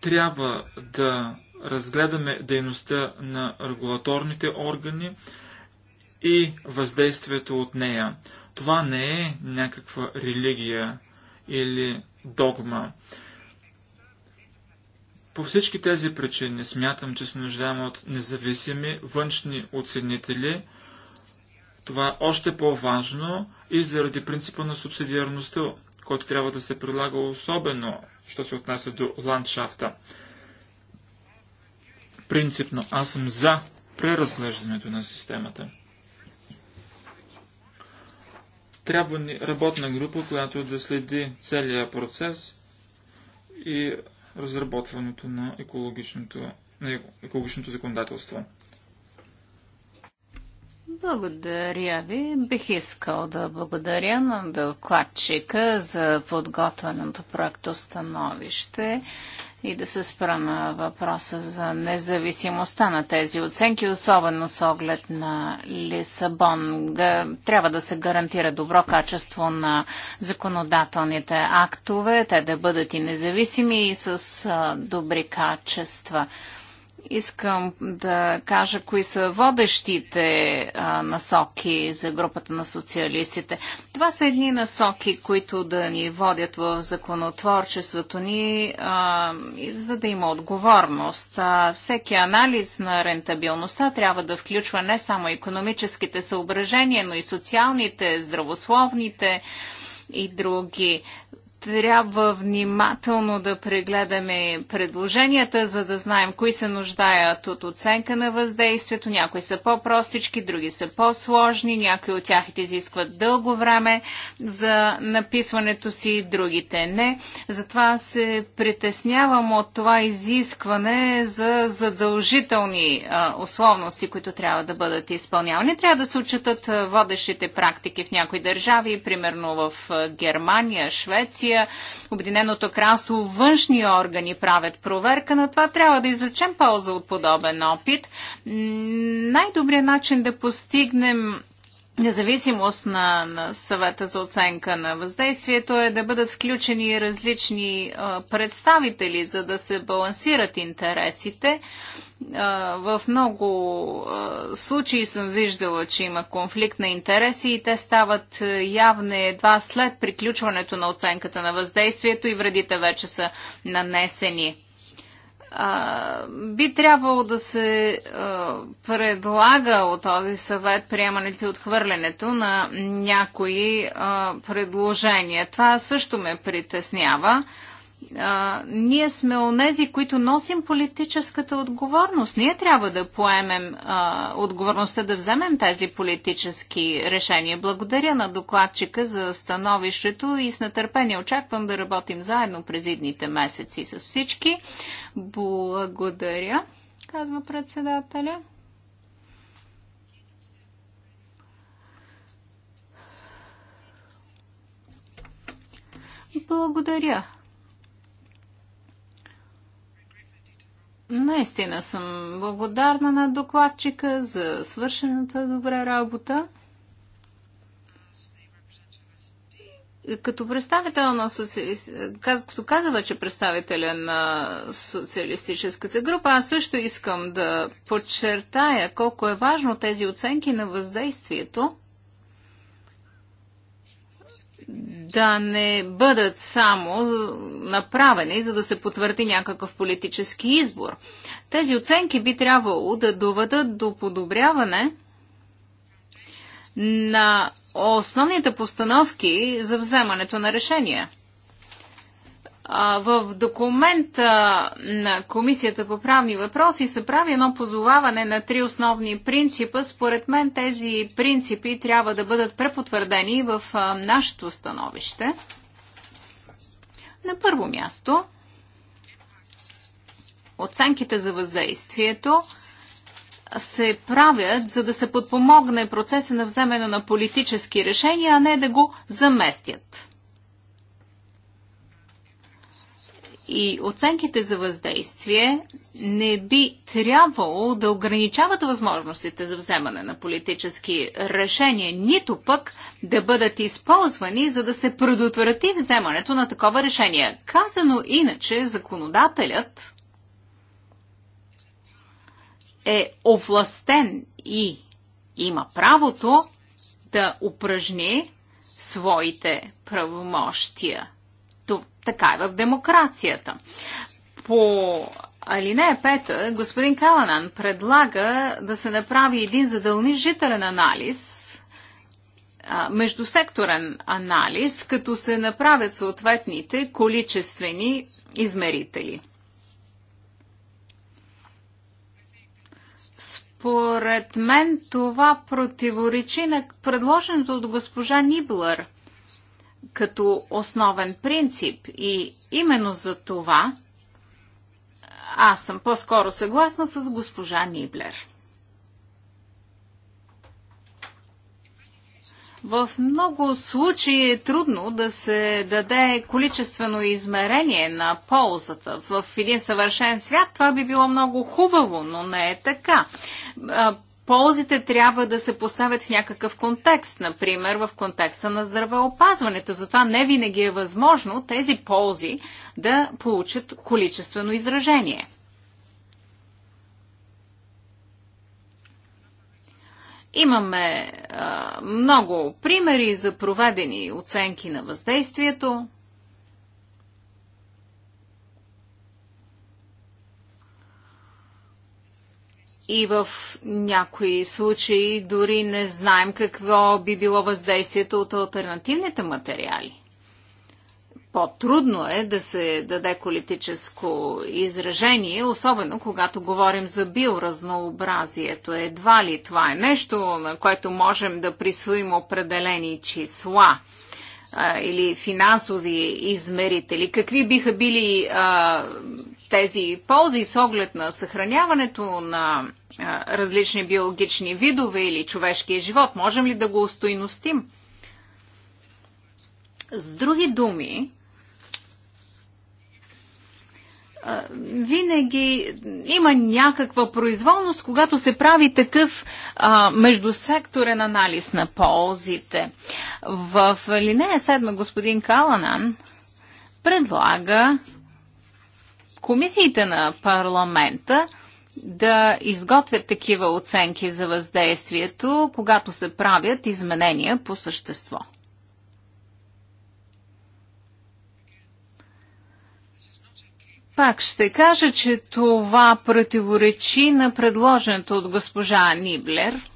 Трябва да разгледаме дейността на регулаторните органи и въздействието от нея. Това не е някаква религия или догма. По всички тези причини смятам, че се нуждаем от независими външни оценители. Това е още по-важно и заради принципа на субсидиарността, който трябва да се прилага особено, що се отнася до ландшафта. Принципно аз съм за преразглеждането на системата. Трябва ни работна група, която да следи целия процес и разработването на екологичното, на екологичното законодателство. Благодаря ви. Бих искал да благодаря на докладчика за подготвеното проекто становище и да се спра на въпроса за независимостта на тези оценки, особено с оглед на Лисабон. трябва да се гарантира добро качество на законодателните актове, те да бъдат и независими и с добри качества. Искам да кажа кои са водещите а, насоки за групата на социалистите. Това са едни насоки, които да ни водят в законотворчеството ни, а, за да има отговорност. А, всеки анализ на рентабилността трябва да включва не само економическите съображения, но и социалните, здравословните и други трябва внимателно да прегледаме предложенията, за да знаем кои се нуждаят от оценка на въздействието. Някои са по-простички, други са по-сложни, някои от тях изискват дълго време за написването си, другите не. Затова се притеснявам от това изискване за задължителни а, условности, които трябва да бъдат изпълнявани. Трябва да се отчитат водещите практики в някои държави, примерно в Германия, Швеция, Франция, Обединеното кралство, външни органи правят проверка на това. Трябва да извлечем полза от подобен опит. Най-добрият начин да постигнем независимост на, на съвета за оценка на въздействието е да бъдат включени различни а, представители, за да се балансират интересите в много случаи съм виждала, че има конфликт на интереси и те стават явни едва след приключването на оценката на въздействието и вредите вече са нанесени. би трябвало да се предлага от този съвет приемането и отхвърлянето на някои предложения. Това също ме притеснява а, ние сме онези, които носим политическата отговорност. Ние трябва да поемем а, отговорността да вземем тези политически решения. Благодаря на докладчика за становището и с нетърпение очаквам да работим заедно през идните месеци с всички. Благодаря, казва председателя. Благодаря Наистина съм благодарна на докладчика за свършената добра работа. Като представител на социалист... като казва, че представителя на социалистическата група, аз също искам да подчертая колко е важно тези оценки на въздействието – да не бъдат само направени, за да се потвърди някакъв политически избор. Тези оценки би трябвало да доведат до подобряване на основните постановки за вземането на решения в документа на Комисията по правни въпроси се прави едно позоваване на три основни принципа. Според мен тези принципи трябва да бъдат препотвърдени в нашето становище. На първо място, оценките за въздействието се правят, за да се подпомогне процеса на вземане на политически решения, а не да го заместят. и оценките за въздействие не би трябвало да ограничават възможностите за вземане на политически решения, нито пък да бъдат използвани, за да се предотврати вземането на такова решение. Казано иначе, законодателят е овластен и има правото да упражни своите правомощия така е в демокрацията. По Алинея 5 господин Каланан предлага да се направи един задължителен анализ, междусекторен анализ, като се направят съответните количествени измерители. Според мен това противоречи на предложеното от госпожа Ниблър – като основен принцип. И именно за това аз съм по-скоро съгласна с госпожа Ниблер. В много случаи е трудно да се даде количествено измерение на ползата. В един съвършен свят това би било много хубаво, но не е така ползите трябва да се поставят в някакъв контекст, например в контекста на здравеопазването. Затова не винаги е възможно тези ползи да получат количествено изражение. Имаме а, много примери за проведени оценки на въздействието. и в някои случаи дори не знаем какво би било въздействието от альтернативните материали. По-трудно е да се даде политическо изражение, особено когато говорим за биоразнообразието. Едва ли това е нещо, на което можем да присвоим определени числа а, или финансови измерители. Какви биха били а, тези ползи с оглед на съхраняването на различни биологични видове или човешкия живот? Можем ли да го устойностим? С други думи, винаги има някаква произволност, когато се прави такъв а, междусекторен анализ на ползите. В линея 7 господин Каланан предлага комисиите на парламента да изготвят такива оценки за въздействието, когато се правят изменения по същество. Пак ще кажа, че това противоречи на предложеното от госпожа Ниблер –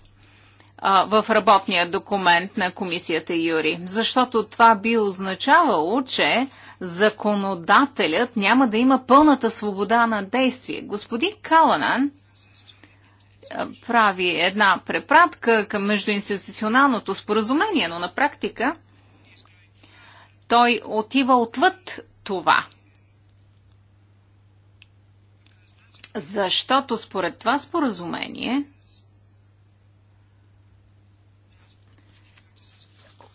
в работния документ на комисията Юри. Защото това би означавало, че законодателят няма да има пълната свобода на действие. Господин Каланан прави една препратка към междуинституционалното споразумение, но на практика той отива отвъд това. Защото според това споразумение –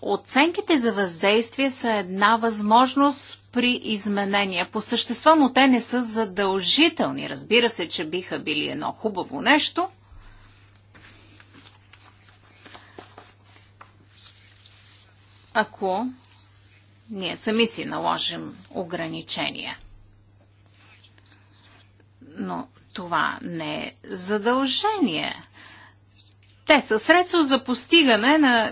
Оценките за въздействие са една възможност при изменения. По същество, но те не са задължителни. Разбира се, че биха били едно хубаво нещо. Ако ние сами си наложим ограничения. Но това не е задължение. Те са средство за постигане на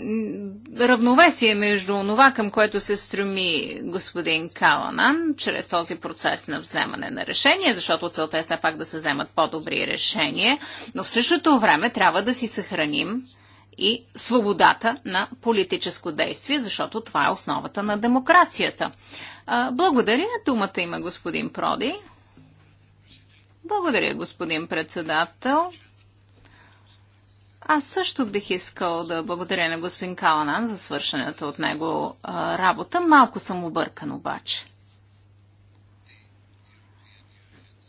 равновесие между това, към което се стреми господин Каланан, чрез този процес на вземане на решение, защото целта е все пак да се вземат по-добри решения, но в същото време трябва да си съхраним и свободата на политическо действие, защото това е основата на демокрацията. Благодаря. Думата има господин Проди. Благодаря, господин председател. Аз също бих искал да благодаря на господин Каланан за свършената от него а, работа. Малко съм объркан обаче.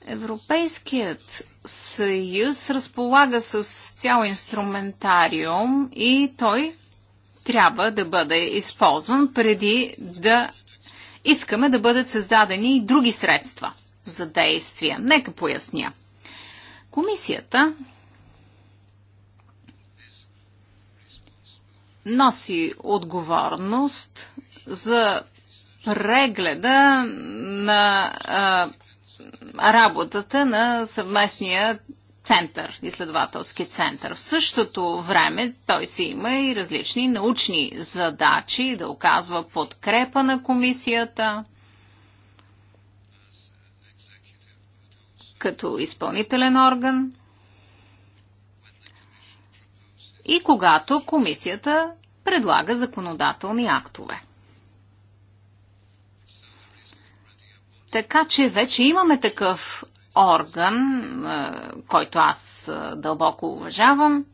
Европейският съюз разполага с цял инструментариум и той трябва да бъде използван преди да искаме да бъдат създадени и други средства за действия. Нека поясня. Комисията носи отговорност за прегледа на а, работата на съвместния център, изследователски център. В същото време той си има и различни научни задачи да оказва подкрепа на комисията. като изпълнителен орган – и когато комисията предлага законодателни актове. Така че вече имаме такъв орган, е, който аз е, дълбоко уважавам.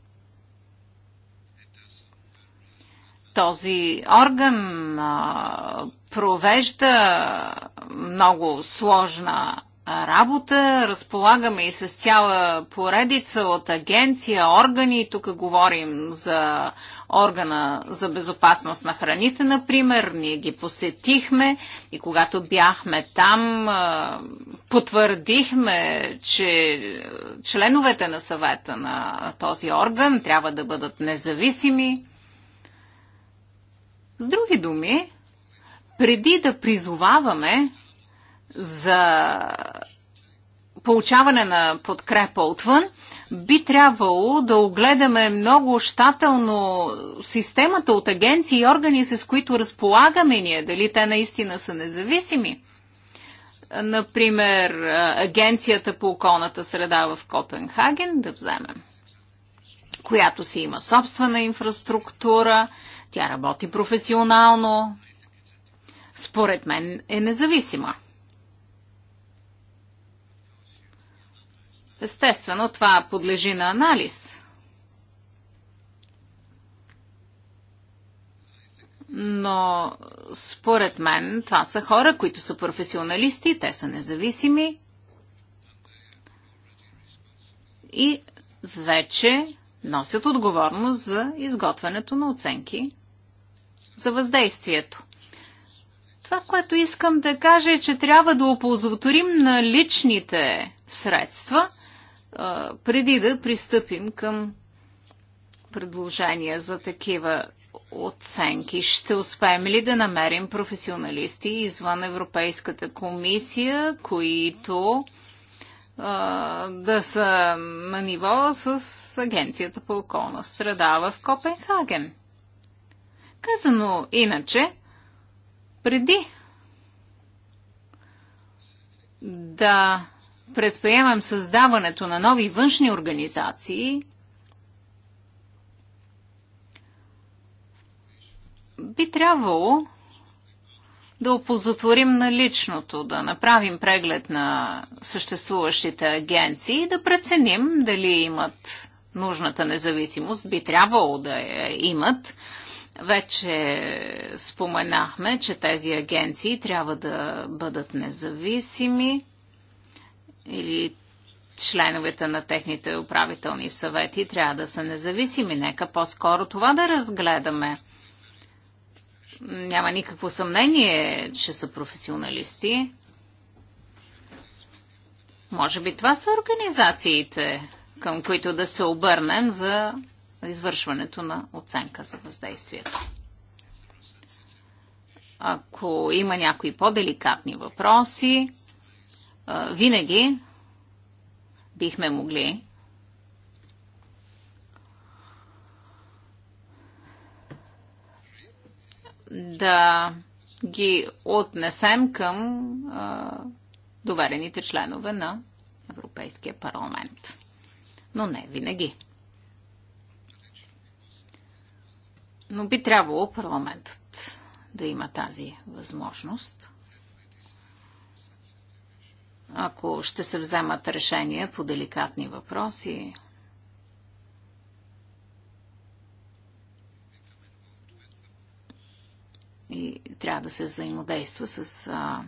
Този орган е, провежда много сложна работа. Разполагаме и с цяла поредица от агенция, органи. Тук говорим за органа за безопасност на храните, например. Ние ги посетихме и когато бяхме там, потвърдихме, че членовете на съвета на този орган трябва да бъдат независими. С други думи, преди да призоваваме за получаване на подкрепа отвън, би трябвало да огледаме много щателно системата от агенции и органи, с които разполагаме ние, дали те наистина са независими. Например, Агенцията по околната среда в Копенхаген, да вземем, която си има собствена инфраструктура, тя работи професионално, според мен е независима. Естествено, това подлежи на анализ. Но според мен това са хора, които са професионалисти, те са независими и вече носят отговорност за изготвянето на оценки за въздействието. Това, което искам да кажа е, че трябва да на личните средства – преди да пристъпим към предложения за такива оценки? Ще успеем ли да намерим професионалисти извън Европейската комисия, които да са на ниво с Агенцията по околна среда в Копенхаген? Казано иначе, преди да Предприемам създаването на нови външни организации, би трябвало да опозотворим наличното, да направим преглед на съществуващите агенции и да преценим дали имат нужната независимост, би трябвало да я имат. Вече споменахме, че тези агенции трябва да бъдат независими или членовете на техните управителни съвети трябва да са независими. Нека по-скоро това да разгледаме. Няма никакво съмнение, че са професионалисти. Може би това са организациите, към които да се обърнем за извършването на оценка за въздействието. Ако има някои по-деликатни въпроси, винаги бихме могли да ги отнесем към а, доверените членове на Европейския парламент. Но не винаги. Но би трябвало парламентът да има тази възможност ако ще се вземат решения по деликатни въпроси. И трябва да се взаимодейства с а,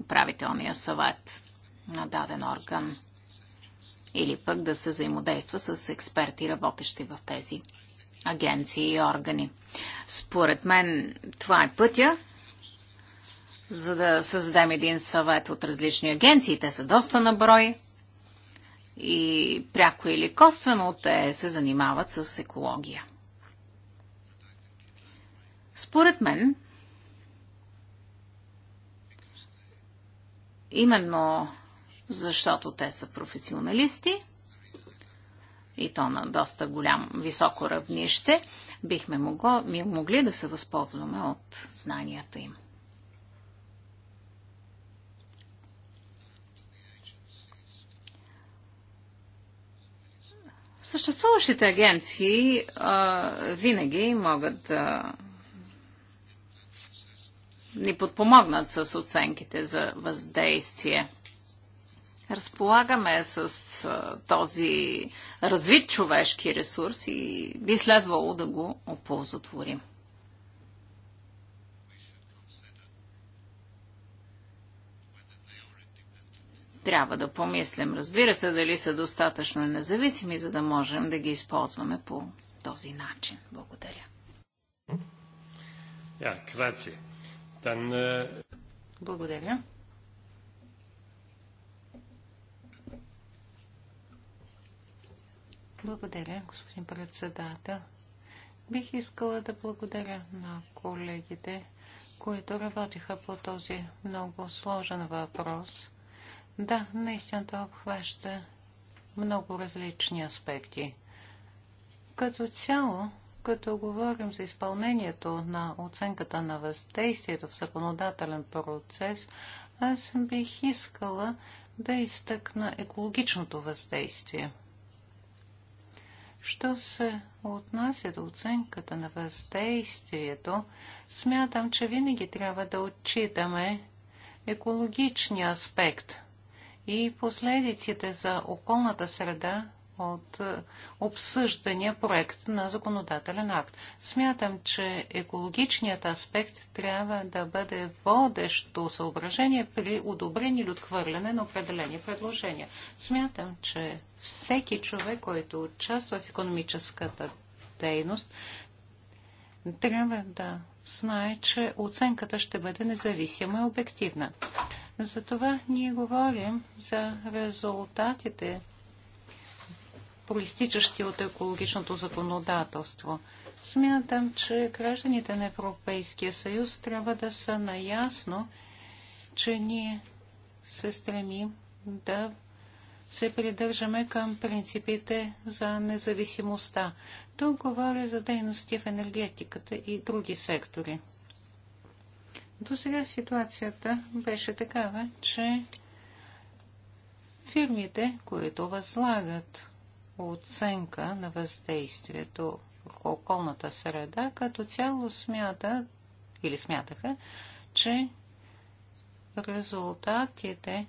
управителния съвет на даден орган. Или пък да се взаимодейства с експерти, работещи в тези агенции и органи. Според мен това е пътя, за да създадем един съвет от различни агенции. Те са доста на брой и пряко или косвено те се занимават с екология. Според мен, именно защото те са професионалисти и то на доста голям, високо равнище, бихме могло, могли да се възползваме от знанията им. Съществуващите агенции а, винаги могат да ни подпомогнат с оценките за въздействие. Разполагаме с а, този развит човешки ресурс и би следвало да го оползотворим. трябва да помислим, разбира се, дали са достатъчно независими, за да можем да ги използваме по този начин. Благодаря. grazie. Dann, äh... Благодаря. Благодаря, господин председател. Бих искала да благодаря на колегите, които работиха по този много сложен въпрос – да, наистина това обхваща много различни аспекти. Като цяло, като говорим за изпълнението на оценката на въздействието в законодателен процес, аз бих искала да изтъкна екологичното въздействие. Що се отнася до оценката на въздействието, смятам, че винаги трябва да отчитаме екологичния аспект – и последиците за околната среда от е, обсъждания проект на законодателен акт. Смятам, че екологичният аспект трябва да бъде водещо съображение при одобрение или отхвърляне на определени предложения. Смятам, че всеки човек, който участва в економическата дейност, трябва да знае, че оценката ще бъде независима и обективна. Затова ние говорим за резултатите, проистичащи от екологичното законодателство. Смятам, че гражданите на Европейския съюз трябва да са наясно, че ние се стремим да се придържаме към принципите за независимостта. Тук говоря за дейности в енергетиката и други сектори. До сега ситуацията беше такава, че фирмите, които възлагат оценка на въздействието върху околната среда, като цяло смятат или смятаха, че резултатите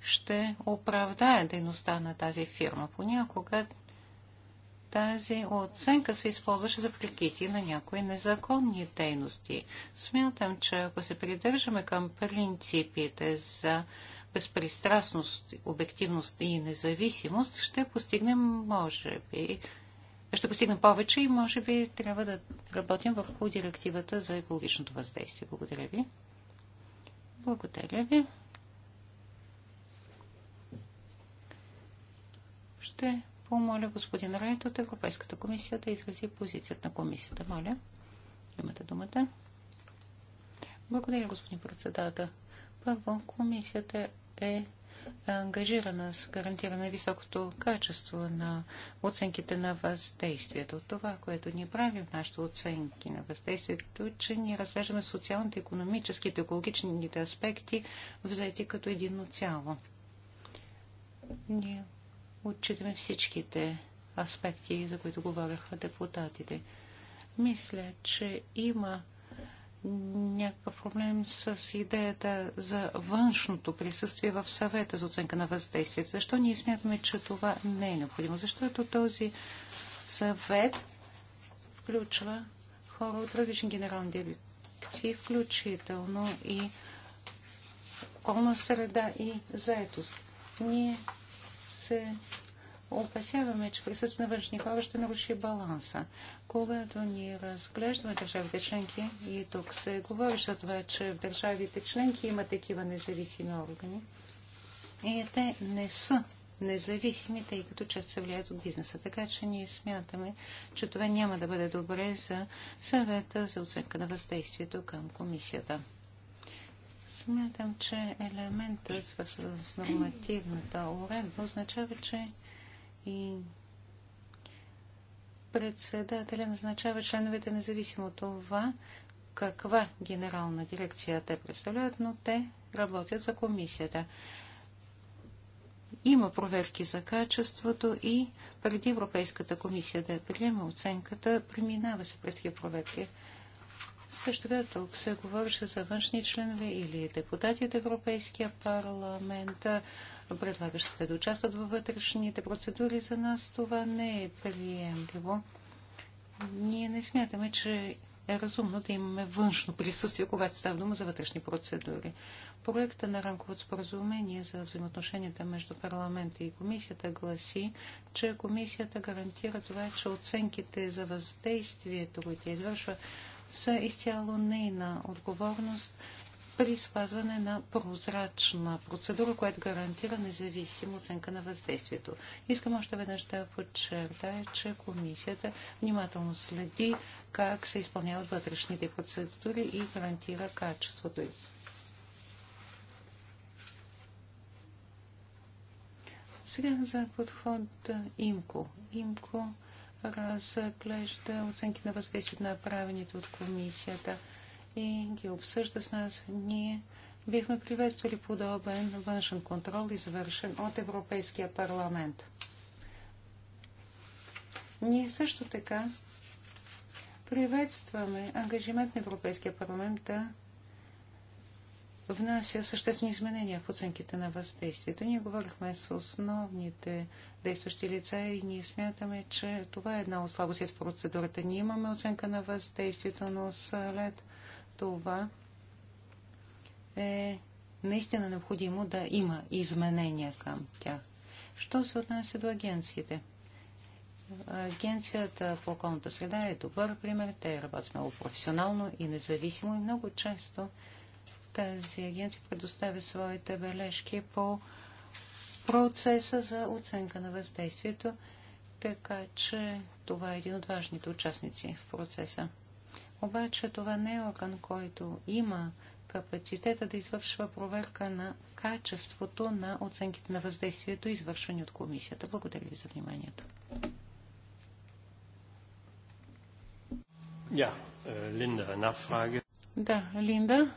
ще оправдае дейността на тази фирма. Понякога тази оценка се използваше за прикрити на някои незаконни дейности. Смятам, че ако се придържаме към принципите за безпристрастност, обективност и независимост, ще постигнем, може би, ще постигнем повече и може би трябва да работим върху директивата за екологичното въздействие. Благодаря ви. Благодаря ви. Ще помоля господин Райт от Европейската комисия да изрази позицията на комисията. Моля, имате думата. Благодаря, господин председател. Първо, комисията е ангажирана с гарантиране високото качество на оценките на въздействието. Това, което ни правим в нашите оценки на въздействието, е, че ни разглеждаме социалните, економическите, екологичните аспекти, взети като едино цяло. Ние отчитаме всичките аспекти, за които говоряха депутатите. Мисля, че има някакъв проблем с идеята за външното присъствие в съвета за оценка на въздействието. Защо ние смятаме, че това не е необходимо? Защото този съвет включва хора от различни генерални дирекции, включително и околна среда и заетост. Ние се опасяваме, че присъствието на външни хора ще наруши баланса. Когато ни разглеждаме държавите членки, и тук се говори за това, че в държавите членки има такива независими органи, и те не са независими, тъй като често се влияят от бизнеса. Така че ние смятаме, че това няма да бъде добре за съвета за оценка на въздействието към комисията. Смятам, че елемента, свързан с нормативната уредба означава, че и председателя назначава членовете независимо от това, каква генерална дирекция те представляват, но те работят за комисията. Има проверки за качеството и преди Европейската комисия да приема оценката, преминава се през тези проверки. Също така тук се говореше за външни членове или депутати от Европейския парламент. Предлагаше се да участват във вътрешните процедури. За нас това не е приемливо. Ние не смятаме, че е разумно да имаме външно присъствие, когато става дума за вътрешни процедури. Проекта на рамковото споразумение за взаимоотношенията между парламента и комисията гласи, че комисията гарантира това, че оценките за въздействието, които извършва, са изцяло нейна отговорност при спазване на прозрачна процедура, която гарантира независима оценка на въздействието. Искам още веднъж да подчертая, че комисията внимателно следи как се изпълняват вътрешните процедури и гарантира качеството им. Сега за подход ИМКО. ИМКО разглежда оценки на въздействието на правените от комисията и ги обсъжда с нас. Ние бихме приветствали подобен външен контрол, извършен от Европейския парламент. Ние също така приветстваме ангажимент на Европейския парламент да внася съществени изменения в оценките на въздействието. Ние говорихме с основните действащи лица и ние смятаме, че това е една от слабости с процедурата. Ние имаме оценка на въздействието, но след това е наистина необходимо да има изменения към тях. Що се отнася до агенциите? Агенцията по околната среда е добър пример. Те работят много професионално и независимо и много често тази агенция предоставя своите бележки по процеса за оценка на въздействието, така че това е един от важните участници в процеса. Обаче това не е окън, който има капацитета да извършва проверка на качеството на оценките на въздействието, извършвани от комисията. Благодаря ви за вниманието. Ja, äh, Linda, Nachfrage. Да, Линда.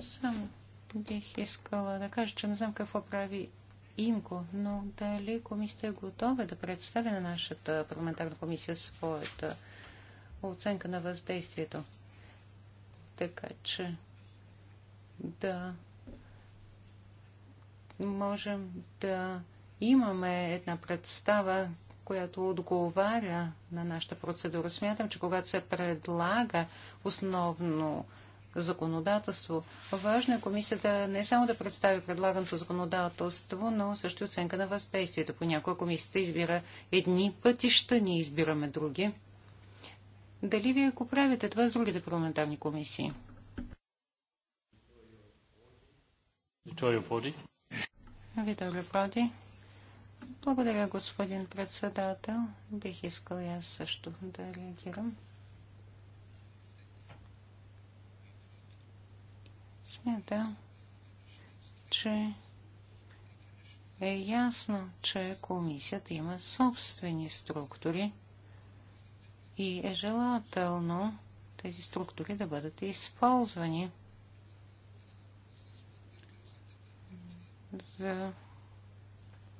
Само бих искала да кажа, че не знам какво прави Имко, но дали комисията е готова да представи на нашата парламентарна комисия своята оценка на въздействието. Така че да можем да имаме една представа, която отговаря на нашата процедура. Смятам, че когато се предлага основно законодателство. Важно е комисията не само да представи предлаганото законодателство, но също оценка на въздействието. Понякога комисията избира едни пътища, ние избираме други. Дали вие го правите това с другите парламентарни комисии? Виктория Проди. Проди. Благодаря, господин председател. Бих искал и аз също да реагирам. Е, да, че е ясно, че комисията има собствени структури и е желателно тези структури да бъдат използвани за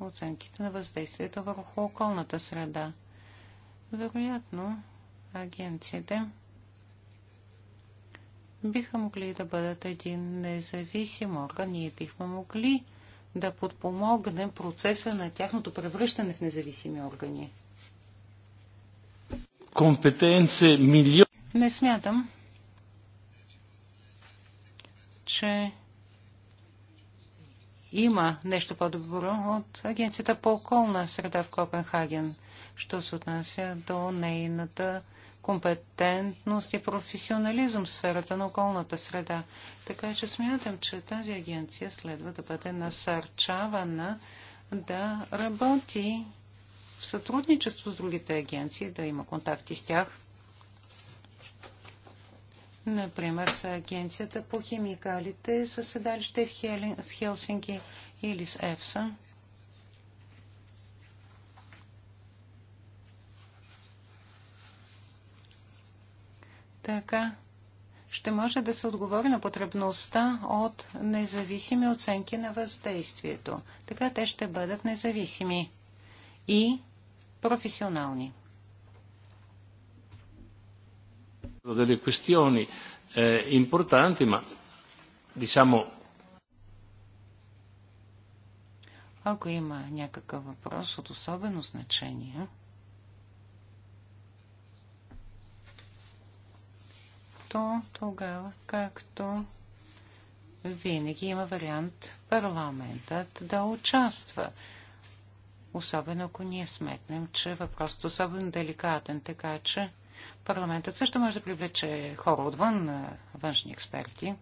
оценките на въздействието върху околната среда. Вероятно, агенциите Да? биха могли да бъдат един независим орган. Ние бихме могли да подпомогнем процеса на тяхното превръщане в независими органи. Компетенция милион. Не смятам, че има нещо по-добро от Агенцията по околна среда в Копенхаген, що се отнася до нейната компетентност и професионализъм в сферата на околната среда. Така че смятам, че тази агенция следва да бъде насърчавана да работи в сътрудничество с другите агенции, да има контакти с тях. Например, с агенцията по химикалите със седалище в, Хелсинки или с ЕФСА. Така ще може да се отговори на потребността от независими оценки на въздействието. Така те ще бъдат независими и професионални. delle questioni импортанти, eh, ма, ma Ако има някакъв въпрос от особено значение, то тогава, както винаги има вариант парламентът да участва. Особено ако ние сметнем, че въпросът е особено деликатен, така че парламентът също може да привлече хора отвън, външни експерти.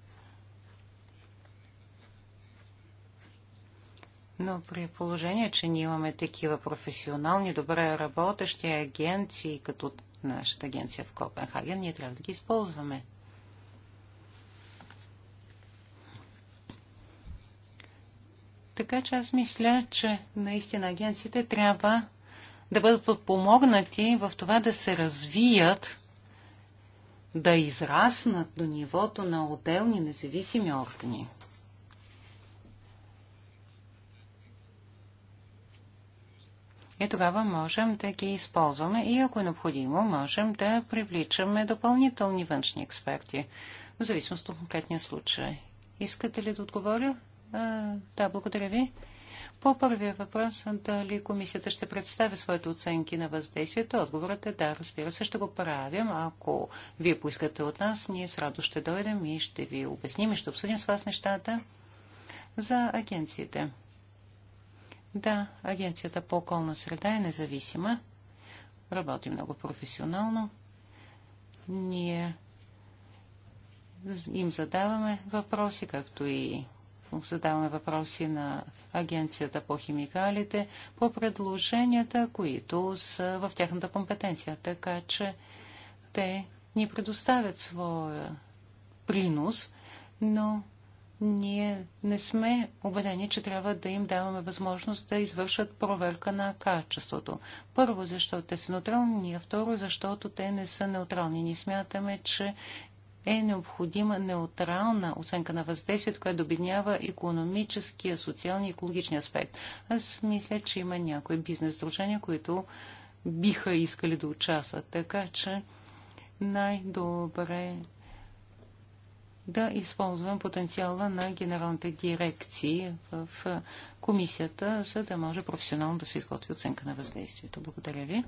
Но при положение, че ние имаме такива професионални, добре работещи агенции, като нашата агенция в Копенхаген. Ние трябва да ги използваме. Така че аз мисля, че наистина агенциите трябва да бъдат подпомогнати в това да се развият, да израснат до нивото на отделни независими органи. И тогава можем да ги използваме и ако е необходимо, можем да привличаме допълнителни външни експерти, в зависимост от конкретния случай. Искате ли да отговоря? А, да, благодаря ви. По първия въпрос, дали комисията ще представи своите оценки на въздействието, отговорът е да, разбира се, ще го правим. Ако вие поискате от нас, ние с радост ще дойдем и ще ви обясним и ще обсъдим с вас нещата за агенциите. Да, Агенцията по околна среда е независима. Работи много професионално. Ние им задаваме въпроси, както и задаваме въпроси на Агенцията по химикалите по предложенията, които са в тяхната компетенция. Така че те ни предоставят своя принос, но ние не сме убедени, че трябва да им даваме възможност да извършат проверка на качеството. Първо, защото те са неутрални, а второ, защото те не са неутрални. Ние смятаме, че е необходима неутрална оценка на въздействието, която обеднява економическия, социалния и екологичния аспект. Аз мисля, че има някои бизнес дружения, които биха искали да участват. Така че най-добре да използвам потенциала на генералните дирекции в комисията, за да може професионално да се изготви оценка на въздействието. Благодаря ви.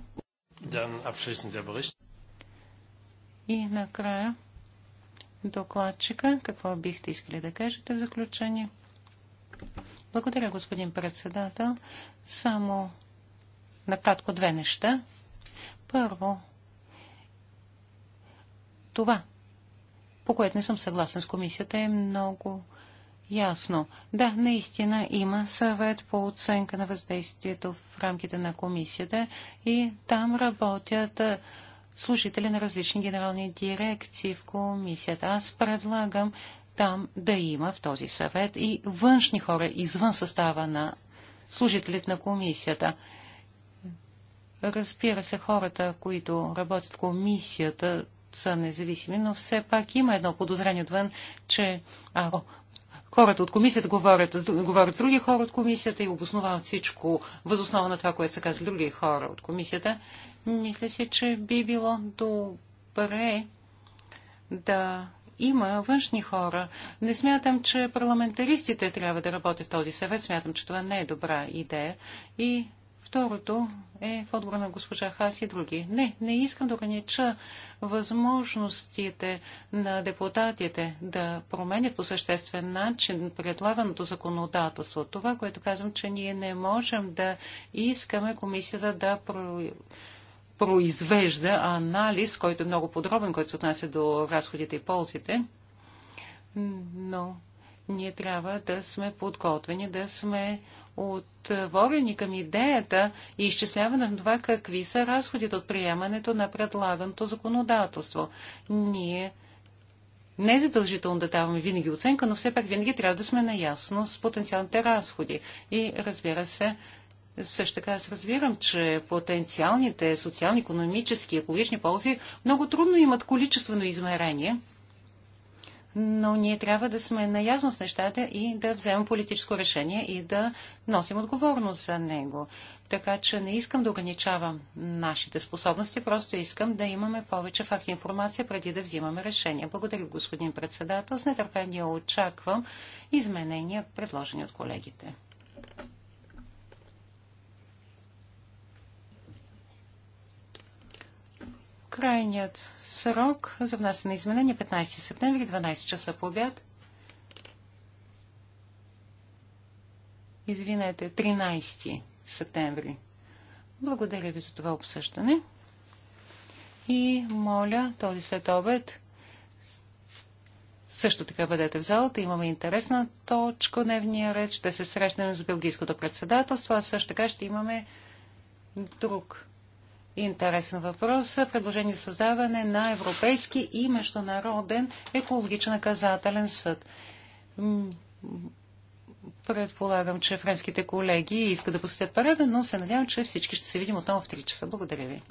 И накрая докладчика, какво бихте искали да кажете в заключение? Благодаря, господин председател. Само накратко две неща. Първо, това, по което не съм съгласен с комисията, е много ясно. Да, наистина има съвет по оценка на въздействието в рамките на комисията и там работят служители на различни генерални дирекции в комисията. Аз предлагам там да има в този съвет и външни хора извън състава на служителите на комисията. Разбира се, хората, които работят в комисията, са независими, но все пак има едно подозрение отвън, че ако хората от комисията говорят, говорят с други хора от комисията и обосновават всичко възоснова на това, което са казали други хора от комисията, мисля си, че би било добре да има външни хора. Не смятам, че парламентаристите трябва да работят в този съвет. Смятам, че това не е добра идея. И Второто е в отговор на госпожа Хас и други. Не, не искам да огранича възможностите на депутатите да променят по съществен начин предлаганото законодателство. Това, което казвам, че ние не можем да искаме комисията да про... произвежда анализ, който е много подробен, който се отнася до разходите и ползите. Но ние трябва да сме подготвени, да сме отворени към идеята и изчисляване на това какви са разходите от приемането на предлаганото законодателство. Ние не е задължително да даваме винаги оценка, но все пак винаги трябва да сме наясно с потенциалните разходи. И разбира се, също така аз разбирам, че потенциалните социално-економически и екологични ползи много трудно имат количествено измерение но ние трябва да сме наясно с нещата и да вземем политическо решение и да носим отговорност за него. Така че не искам да ограничавам нашите способности, просто искам да имаме повече факти и информация преди да взимаме решение. Благодаря, господин председател. С нетърпение очаквам изменения, предложени от колегите. Крайният срок за внасяне на изменения 15 е септември, 12 часа по обяд. Извинете, 13 септември. Благодаря ви за това обсъждане. И моля този след обед също така бъдете в залата. Имаме интересна точка дневния ред. Ще се срещнем с Белгийското председателство, а също така ще имаме друг интересен въпрос. Предложение за създаване на Европейски и Международен екологичен наказателен съд. Предполагам, че френските колеги искат да посетят парада, но се надявам, че всички ще се видим отново в 3 часа. Благодаря ви.